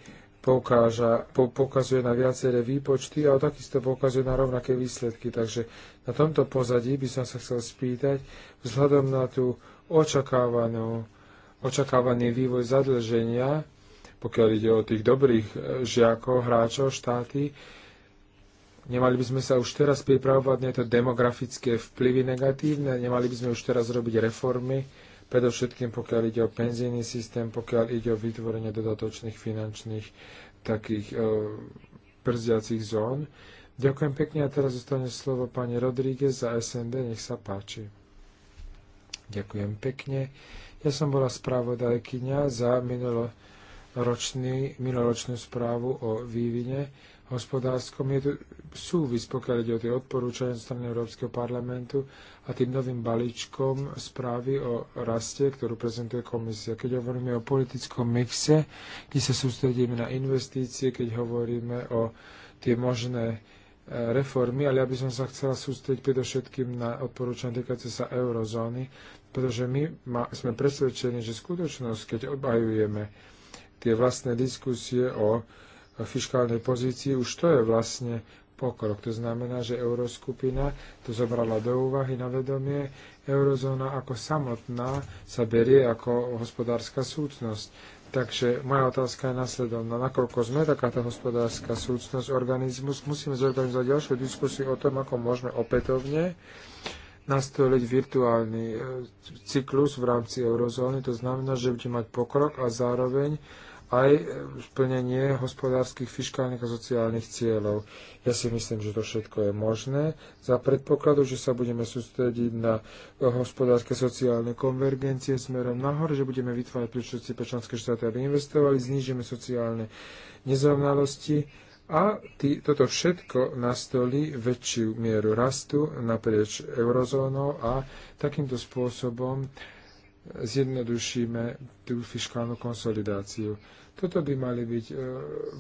poukáža, pokazuje na viaceré výpočty a takisto poukazuje na rovnaké výsledky. Takže na tomto pozadí by som sa chcel spýtať, vzhľadom na tú očakávanú, očakávaný vývoj zadlženia, pokiaľ ide o tých dobrých e, žiakov, hráčov, štáty, Nemali by sme sa už teraz pripravovať na to demografické vplyvy negatívne, nemali by sme už teraz robiť reformy, predovšetkým pokiaľ ide o penzijný systém, pokiaľ ide o vytvorenie dodatočných finančných takých e, brzdiacich zón. Ďakujem pekne a teraz zostane slovo pani Rodríguez za SND, nech sa páči. Ďakujem pekne. Ja som bola spravodajkyňa za minuloročný, minuloročnú správu o vývine hospodárskom. Je tu súvis, pokiaľ ide o tie odporúčania strany Európskeho parlamentu a tým novým balíčkom správy o raste, ktorú prezentuje komisia. Keď hovoríme o politickom mixe, kde sa sústredíme na investície, keď hovoríme o tie možné e, reformy, ale ja by som sa chcela sústrediť predovšetkým na odporúčania týkajúce sa eurozóny, pretože my ma, sme presvedčení, že skutočnosť, keď obhajujeme tie vlastné diskusie o fiskálnej pozícii, už to je vlastne pokrok. To znamená, že euroskupina to zobrala do úvahy na vedomie. Eurozóna ako samotná sa berie ako hospodárska súcnosť. Takže moja otázka je nasledovná. Nakoľko sme takáto hospodárska súcnosť organizmus, musíme zorganizovať ďalšiu diskusiu o tom, ako môžeme opätovne nastoliť virtuálny e, cyklus v rámci eurozóny. To znamená, že bude mať pokrok a zároveň aj splnenie hospodárskych, fiskálnych a sociálnych cieľov. Ja si myslím, že to všetko je možné za predpokladu, že sa budeme sústrediť na hospodárske sociálne konvergencie smerom nahor, že budeme vytvárať príležitosti pre členské štáty, aby investovali, znížime sociálne nezrovnalosti a tý, toto všetko nastolí väčšiu mieru rastu naprieč eurozónou a takýmto spôsobom zjednodušíme tú fiskálnu konsolidáciu. Toto by mali byť e,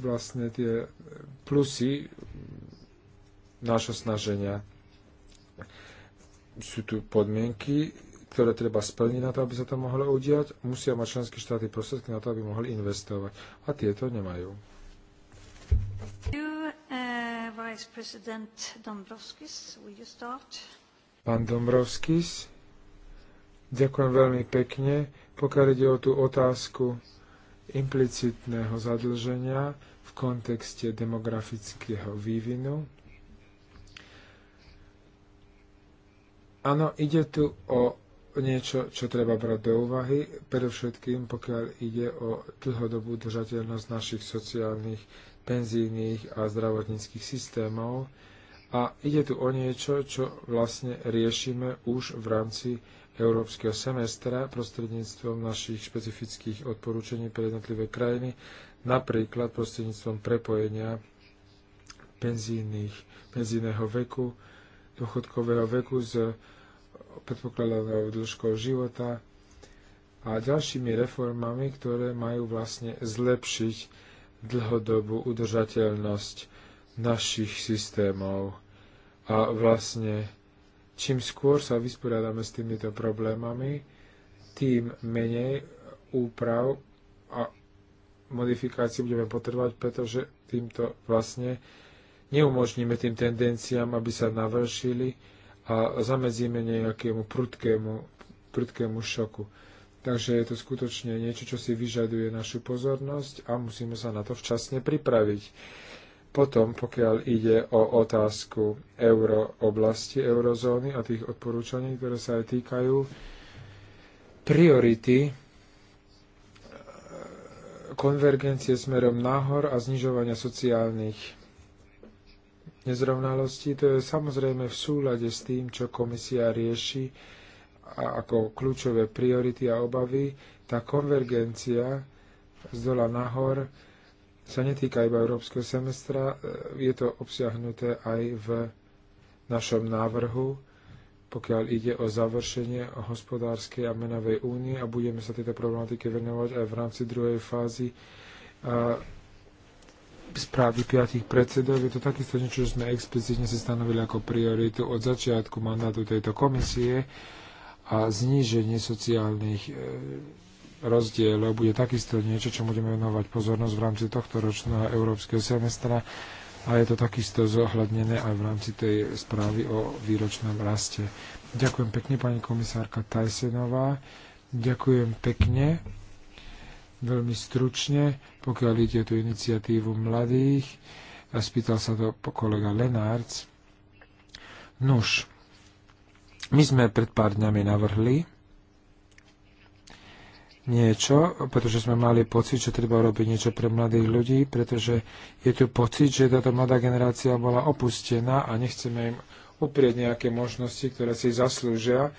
vlastne tie plusy nášho snaženia. Sú tu podmienky, ktoré treba splniť na to, aby sa to mohlo udiať, musia mať členské štáty prostriedky na to, aby mohli investovať. A tieto nemajú. Uh, Pán Dombrovskis, ďakujem veľmi pekne. Pokiaľ ide o tú otázku implicitného zadlženia v kontexte demografického vývinu. Áno, ide tu o niečo, čo treba brať do úvahy, predovšetkým pokiaľ ide o dlhodobú držateľnosť našich sociálnych, penzijných a zdravotníckých systémov. A ide tu o niečo, čo vlastne riešime už v rámci európskeho semestra prostredníctvom našich špecifických odporúčení pre jednotlivé krajiny, napríklad prostredníctvom prepojenia penzijného veku, dôchodkového veku s predpokladanou dĺžkou života a ďalšími reformami, ktoré majú vlastne zlepšiť dlhodobú udržateľnosť našich systémov a vlastne Čím skôr sa vysporiadame s týmito problémami, tým menej úprav a modifikácií budeme potrebovať, pretože týmto vlastne neumožníme tým tendenciám, aby sa navršili a zamedzíme nejakému prudkému, prudkému šoku. Takže je to skutočne niečo, čo si vyžaduje našu pozornosť a musíme sa na to včasne pripraviť. Potom, pokiaľ ide o otázku euro oblasti eurozóny a tých odporúčaní, ktoré sa aj týkajú, priority e, konvergencie smerom nahor a znižovania sociálnych nezrovnalostí, to je samozrejme v súlade s tým, čo komisia rieši a ako kľúčové priority a obavy, tá konvergencia z dola nahor sa netýka iba európskeho semestra, e, je to obsiahnuté aj v našom návrhu, pokiaľ ide o završenie hospodárskej a menovej únie a budeme sa tejto problematike venovať aj v rámci druhej fázy e, správy piatich predsedov. Je to takisto niečo, čo sme explicitne si stanovili ako prioritu od začiatku mandátu tejto komisie a zníženie sociálnych e, rozdielov bude takisto niečo, čo budeme venovať pozornosť v rámci tohto ročného európskeho semestra a je to takisto zohľadnené aj v rámci tej správy o výročnom raste. Ďakujem pekne pani komisárka Tajsenová. Ďakujem pekne. Veľmi stručne, pokiaľ ide tú iniciatívu mladých, a spýtal sa to kolega Lenárc. Nuž, my sme pred pár dňami navrhli, niečo, pretože sme mali pocit, že treba robiť niečo pre mladých ľudí, pretože je tu pocit, že táto mladá generácia bola opustená a nechceme im uprieť nejaké možnosti, ktoré si zaslúžia.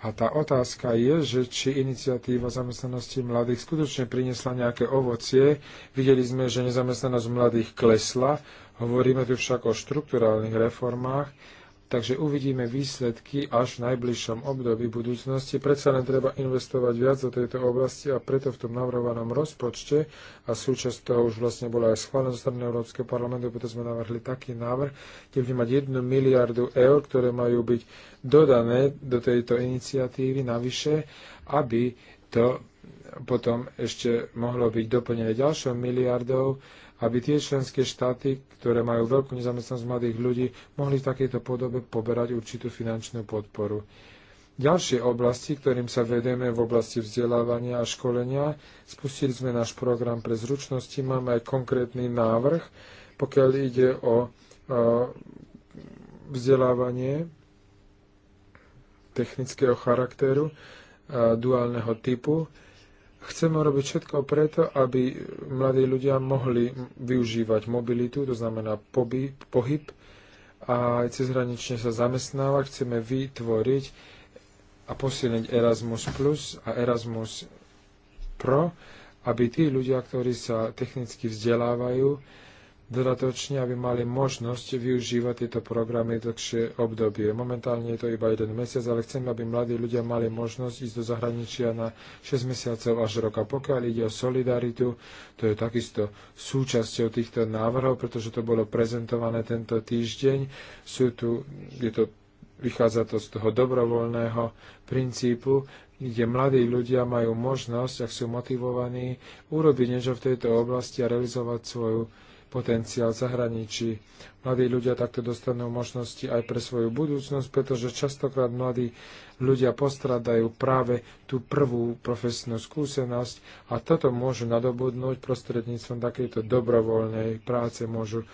A tá otázka je, že či iniciatíva zamestnanosti mladých skutočne priniesla nejaké ovocie. Videli sme, že nezamestnanosť mladých klesla. Hovoríme tu však o štruktúrálnych reformách Takže uvidíme výsledky až v najbližšom období budúcnosti. Predsa len treba investovať viac do tejto oblasti a preto v tom navrhovanom rozpočte a súčasť toho už vlastne bola aj schválená zo strany Európskeho parlamentu, preto sme navrhli taký návrh, kde by mať 1 miliardu eur, ktoré majú byť dodané do tejto iniciatívy navyše, aby to potom ešte mohlo byť doplnené ďalšou miliardou aby tie členské štáty, ktoré majú veľkú nezamestnanosť mladých ľudí, mohli v takejto podobe poberať určitú finančnú podporu. Ďalšie oblasti, ktorým sa vedeme v oblasti vzdelávania a školenia, spustili sme náš program pre zručnosti, máme aj konkrétny návrh, pokiaľ ide o e, vzdelávanie technického charakteru, e, duálneho typu, Chceme robiť všetko preto, aby mladí ľudia mohli využívať mobilitu, to znamená poby, pohyb a aj cezhranične sa zamestnávať. Chceme vytvoriť a posilniť Erasmus Plus a Erasmus Pro, aby tí ľudia, ktorí sa technicky vzdelávajú, dodatočne, aby mali možnosť využívať tieto programy dlhšie obdobie. Momentálne je to iba jeden mesiac, ale chcem, aby mladí ľudia mali možnosť ísť do zahraničia na 6 mesiacov až roka. Pokiaľ ide o solidaritu, to je takisto súčasťou týchto návrhov, pretože to bolo prezentované tento týždeň. Sú tu, je to, vychádza to z toho dobrovoľného princípu, kde mladí ľudia majú možnosť, ak sú motivovaní, urobiť niečo v tejto oblasti a realizovať svoju potenciál zahraničí. Mladí ľudia takto dostanú možnosti aj pre svoju budúcnosť, pretože častokrát mladí ľudia postradajú práve tú prvú profesnú skúsenosť a toto môžu nadobudnúť prostredníctvom takejto dobrovoľnej práce, môžu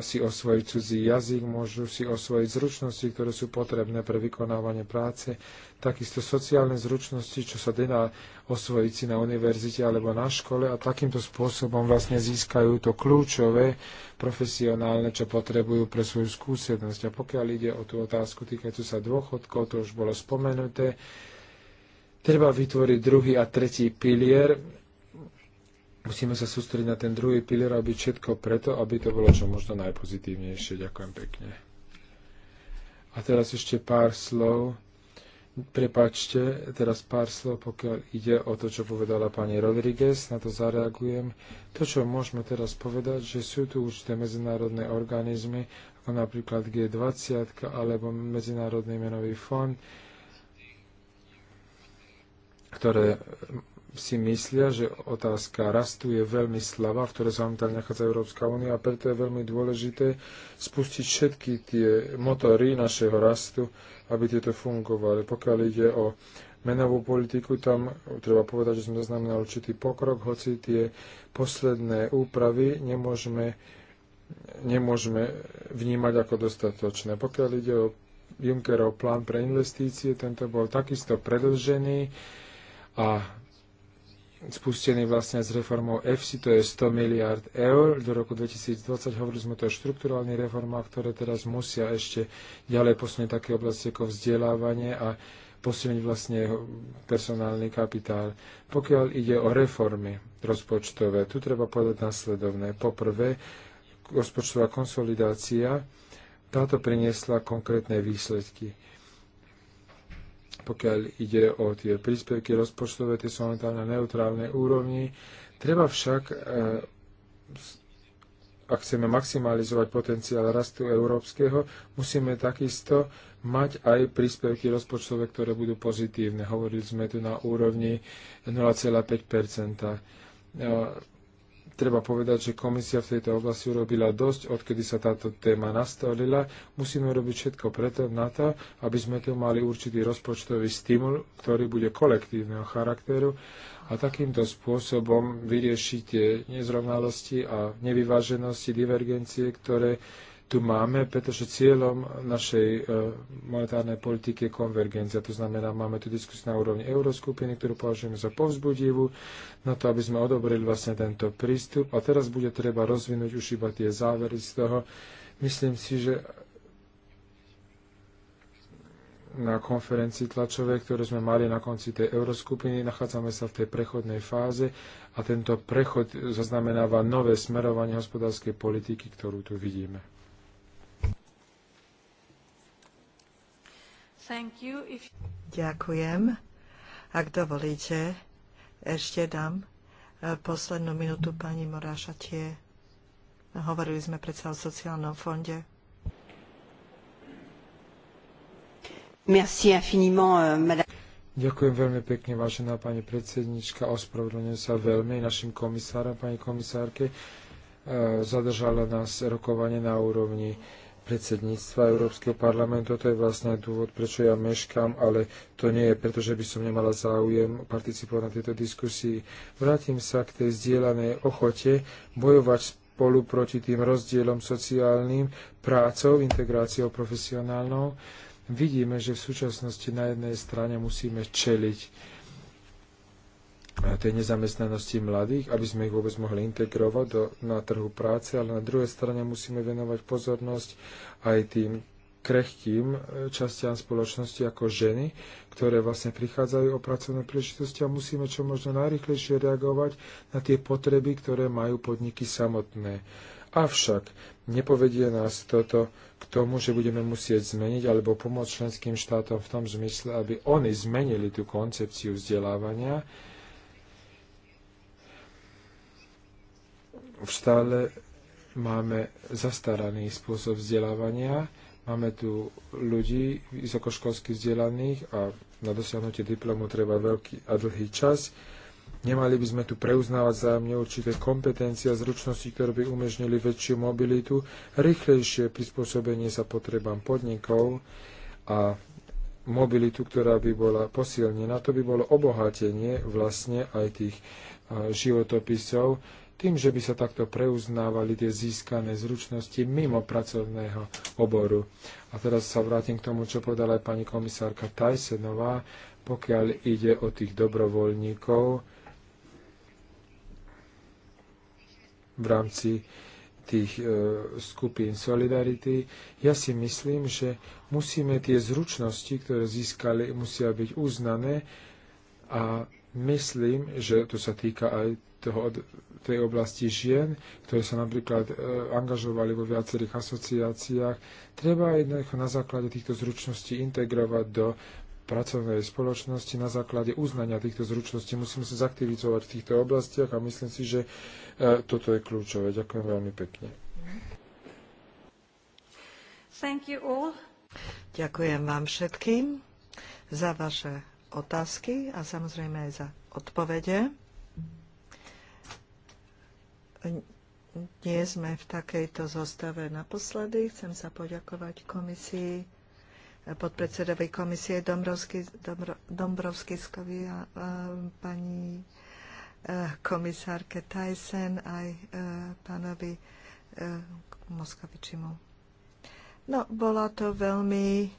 si osvojiť cudzí jazyk, môžu si osvojiť zručnosti, ktoré sú potrebné pre vykonávanie práce, takisto sociálne zručnosti, čo sa dená osvojiť si na univerzite alebo na škole a takýmto spôsobom vlastne získajú to kľúčové profesionálne, čo potrebujú pre svoju skúsenosť. A pokiaľ ide o tú otázku týkajúcu sa dôchodkov, to už bolo spomenuté, treba vytvoriť druhý a tretí pilier musíme sa sústrediť na ten druhý pilier a robiť všetko preto, aby to bolo čo možno najpozitívnejšie. Ďakujem pekne. A teraz ešte pár slov. Prepačte, teraz pár slov, pokiaľ ide o to, čo povedala pani Rodriguez, na to zareagujem. To, čo môžeme teraz povedať, že sú tu určité medzinárodné organizmy, ako napríklad G20 alebo Medzinárodný menový fond, ktoré si myslia, že otázka rastu je veľmi slabá, v ktorej sa momentálne nachádza Európska únia a preto je veľmi dôležité spustiť všetky tie motory našeho rastu, aby tieto fungovali. Pokiaľ ide o menovú politiku, tam treba povedať, že sme zaznamenali určitý pokrok, hoci tie posledné úpravy nemôžeme, nemôžeme vnímať ako dostatočné. Pokiaľ ide o Junckerov plán pre investície, tento bol takisto predlžený a spustený vlastne s reformou EFSI, to je 100 miliard eur do roku 2020. Hovorili sme to o štruktúrálnych reformách, ktoré teraz musia ešte ďalej posunúť také oblasti ako vzdelávanie a posilniť vlastne personálny kapitál. Pokiaľ ide o reformy rozpočtové, tu treba povedať následovné. Poprvé, rozpočtová konsolidácia, táto priniesla konkrétne výsledky pokiaľ ide o tie príspevky rozpočtové, tie sú momentálne na neutrálnej úrovni. Treba však, e, ak chceme maximalizovať potenciál rastu európskeho, musíme takisto mať aj príspevky rozpočtové, ktoré budú pozitívne. Hovorili sme tu na úrovni 0,5 Treba povedať, že komisia v tejto oblasti urobila dosť, odkedy sa táto téma nastolila. Musíme robiť všetko preto na to, aby sme tu mali určitý rozpočtový stimul, ktorý bude kolektívneho charakteru a takýmto spôsobom vyriešiť tie nezrovnalosti a nevyváženosti, divergencie, ktoré tu máme, pretože cieľom našej e, monetárnej politiky je konvergencia. To znamená, máme tu diskusiu na úrovni euroskupiny, ktorú považujeme za povzbudivú, na to, aby sme odobrili vlastne tento prístup. A teraz bude treba rozvinúť už iba tie závery z toho. Myslím si, že na konferencii tlačovej, ktorú sme mali na konci tej euroskupiny. Nachádzame sa v tej prechodnej fáze a tento prechod zaznamenáva nové smerovanie hospodárskej politiky, ktorú tu vidíme. Ďakujem. Ak dovolíte, ešte dám e, poslednú minútu pani Morášatie. Hovorili sme predsa o sociálnom fonde. Merci infiniment, euh, madame. Ďakujem veľmi pekne, vážená pani predsednička. Ospravedlňujem sa veľmi našim komisárom, pani komisárke. E, zadržala nás rokovanie na úrovni predsedníctva Európskeho parlamentu. To je vlastne dôvod, prečo ja meškám, ale to nie je, pretože by som nemala záujem participovať na tejto diskusii. Vrátim sa k tej zdieľanej ochote bojovať spolu proti tým rozdielom sociálnym, prácou, integráciou profesionálnou. Vidíme, že v súčasnosti na jednej strane musíme čeliť tej nezamestnanosti mladých, aby sme ich vôbec mohli integrovať do, na trhu práce, ale na druhej strane musíme venovať pozornosť aj tým krehkým e, častiam spoločnosti ako ženy, ktoré vlastne prichádzajú o pracovné príležitosti a musíme čo možno najrychlejšie reagovať na tie potreby, ktoré majú podniky samotné. Avšak nepovedie nás toto k tomu, že budeme musieť zmeniť alebo pomôcť členským štátom v tom zmysle, aby oni zmenili tú koncepciu vzdelávania, už stále máme zastaraný spôsob vzdelávania. Máme tu ľudí vysokoškolsky vzdelaných a na dosiahnutie diplomu treba veľký a dlhý čas. Nemali by sme tu preuznávať zájomne určité kompetencie a zručnosti, ktoré by umožnili väčšiu mobilitu, rýchlejšie prispôsobenie sa potrebám podnikov a mobilitu, ktorá by bola posilnená. To by bolo obohatenie vlastne aj tých životopisov, tým, že by sa takto preuznávali tie získané zručnosti mimo pracovného oboru. A teraz sa vrátim k tomu, čo povedala aj pani komisárka Tajsenová, pokiaľ ide o tých dobrovoľníkov v rámci tých e, skupín Solidarity. Ja si myslím, že musíme tie zručnosti, ktoré získali, musia byť uznané a myslím, že to sa týka aj toho, tej oblasti žien, ktoré sa napríklad e, angažovali vo viacerých asociáciách. Treba jednoducho na základe týchto zručností integrovať do pracovnej spoločnosti na základe uznania týchto zručností. Musíme sa zaktivizovať v týchto oblastiach a myslím si, že e, toto je kľúčové. Ďakujem veľmi pekne. Thank you all. Ďakujem vám všetkým za vaše otázky a samozrejme aj za odpovede nie sme v takejto zostave naposledy. Chcem sa poďakovať komisii, podpredsedovi komisie Dombrovský Dombro, Dombrovskiskovi a, a pani e, komisárke Tyson aj e, pánovi e, Moskovičimu. No, bola to veľmi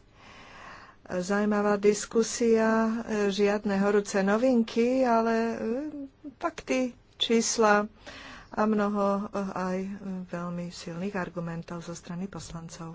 zaujímavá diskusia, žiadne horúce novinky, ale fakty, čísla, a mnoho eh, aj eh, veľmi silných argumentov zo strany poslancov.